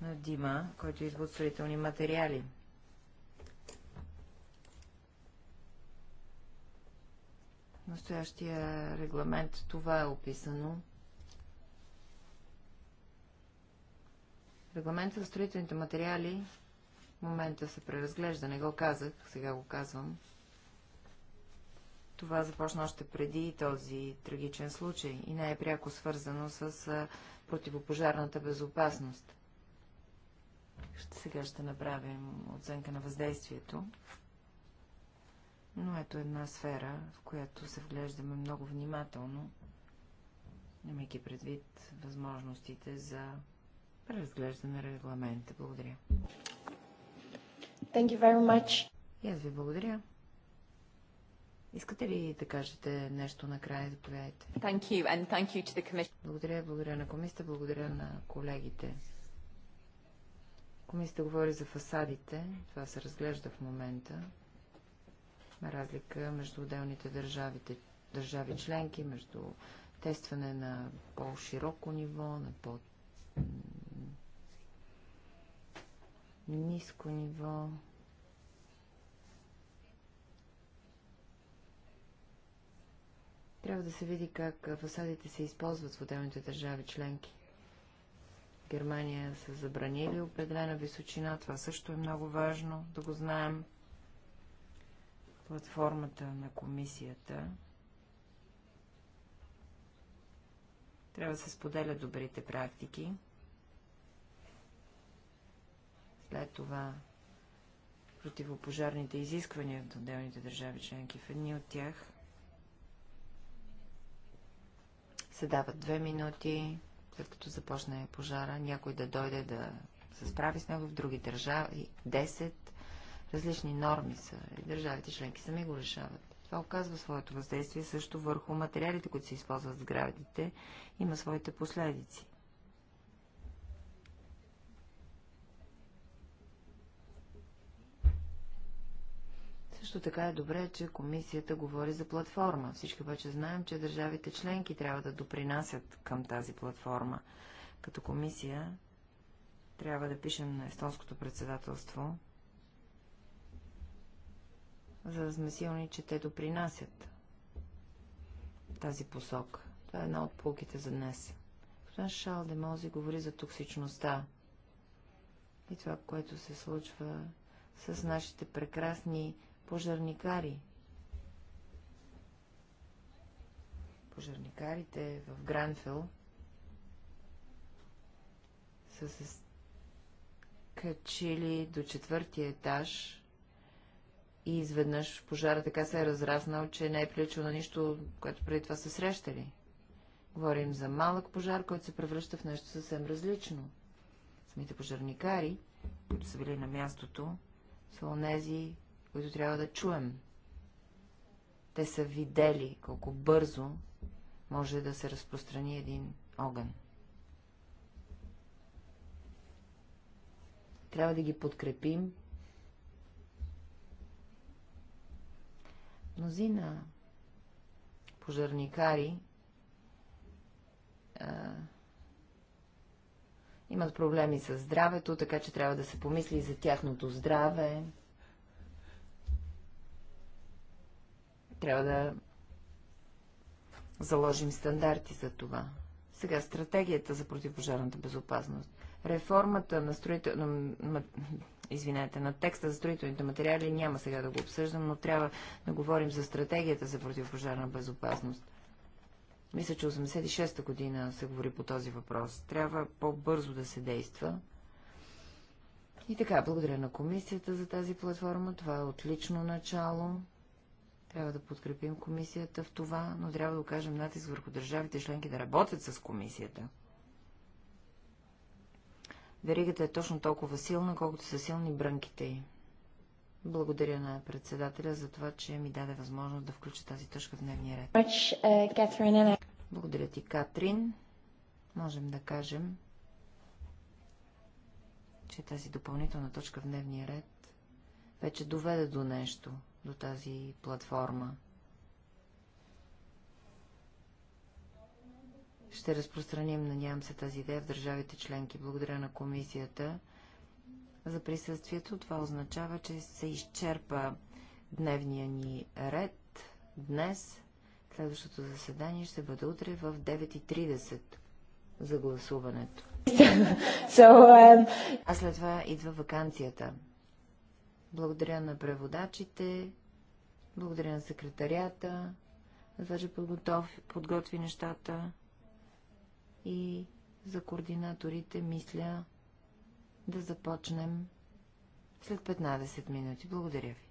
на Дима, който е идва от строителни материали. настоящия регламент това е описано. Регламентът за строителните материали в момента се преразглежда, не го казах, сега го казвам. Това започна още преди този трагичен случай и не е пряко свързано с противопожарната безопасност. Сега ще направим оценка на въздействието. Но ето една сфера, в която се вглеждаме много внимателно, имайки предвид възможностите за преразглеждане на регламента. Благодаря. Thank you very much. И аз ви благодаря. Искате ли да кажете нещо накрая? Заповядайте. Thank you and thank you to the commission. Благодаря, благодаря на комисията, благодаря на колегите. Комисията говори за фасадите, това се разглежда в момента. На разлика между отделните държавите, държави членки, между тестване на по-широко ниво, на по- ниско ниво. Трябва да се види как фасадите се използват в отделните държави членки. Германия са забранили определена височина. Това също е много важно да го знаем. Платформата на комисията трябва да се споделят добрите практики. След това противопожарните изисквания от отделните държави членки. В едни от тях се дават две минути след като започне пожара, някой да дойде да се справи с него в други държави. 10 различни норми са и държавите членки сами го решават. Това оказва своето въздействие също върху материалите, които се използват в сградите, има своите последици. Също така е добре, че комисията говори за платформа. Всички обаче знаем, че държавите членки трябва да допринасят към тази платформа. Като комисия трябва да пишем на естонското председателство, за да сме силни, че те допринасят тази посока. Това е една от полките за днес. Господин Шал Демози говори за токсичността и това, което се случва с нашите прекрасни пожарникари. Пожарникарите в Гранфил са се качили до четвъртия етаж и изведнъж пожара така се е разраснал, че не е приличал на нищо, което преди това са срещали. Говорим за малък пожар, който се превръща в нещо съвсем различно. Самите пожарникари, които са били на мястото, са онези, които трябва да чуем. Те са видели колко бързо може да се разпространи един огън. Трябва да ги подкрепим. Мнозина пожарникари а, имат проблеми с здравето, така че трябва да се помисли и за тяхното здраве. Трябва да заложим стандарти за това. Сега стратегията за противопожарната безопасност. Реформата на строително... Извинете, на текста за строителните материали няма сега да го обсъждам, но трябва да говорим за стратегията за противопожарна безопасност. Мисля, че 86-та година се говори по този въпрос. Трябва по-бързо да се действа. И така, благодаря на комисията за тази платформа. Това е отлично начало. Трябва да подкрепим комисията в това, но трябва да окажем натиск върху държавите членки да работят с комисията. Веригата е точно толкова силна, колкото са силни брънките й. Благодаря на председателя за това, че ми даде възможност да включа тази точка в дневния ред. Uh, Благодаря ти, Катрин. Можем да кажем, че тази допълнителна точка в дневния ред вече доведе до нещо – до тази платформа. Ще разпространим, надявам се, тази идея в държавите членки. Благодаря на комисията за присъствието. Това означава, че се изчерпа дневния ни ред днес. Следващото заседание ще бъде утре в 9.30 за гласуването. <laughs> So, um... А след това идва вакансията. Благодаря на преводачите. Благодаря на секретарията, за че подготви нещата и за координаторите мисля да започнем след 15 минути. Благодаря ви.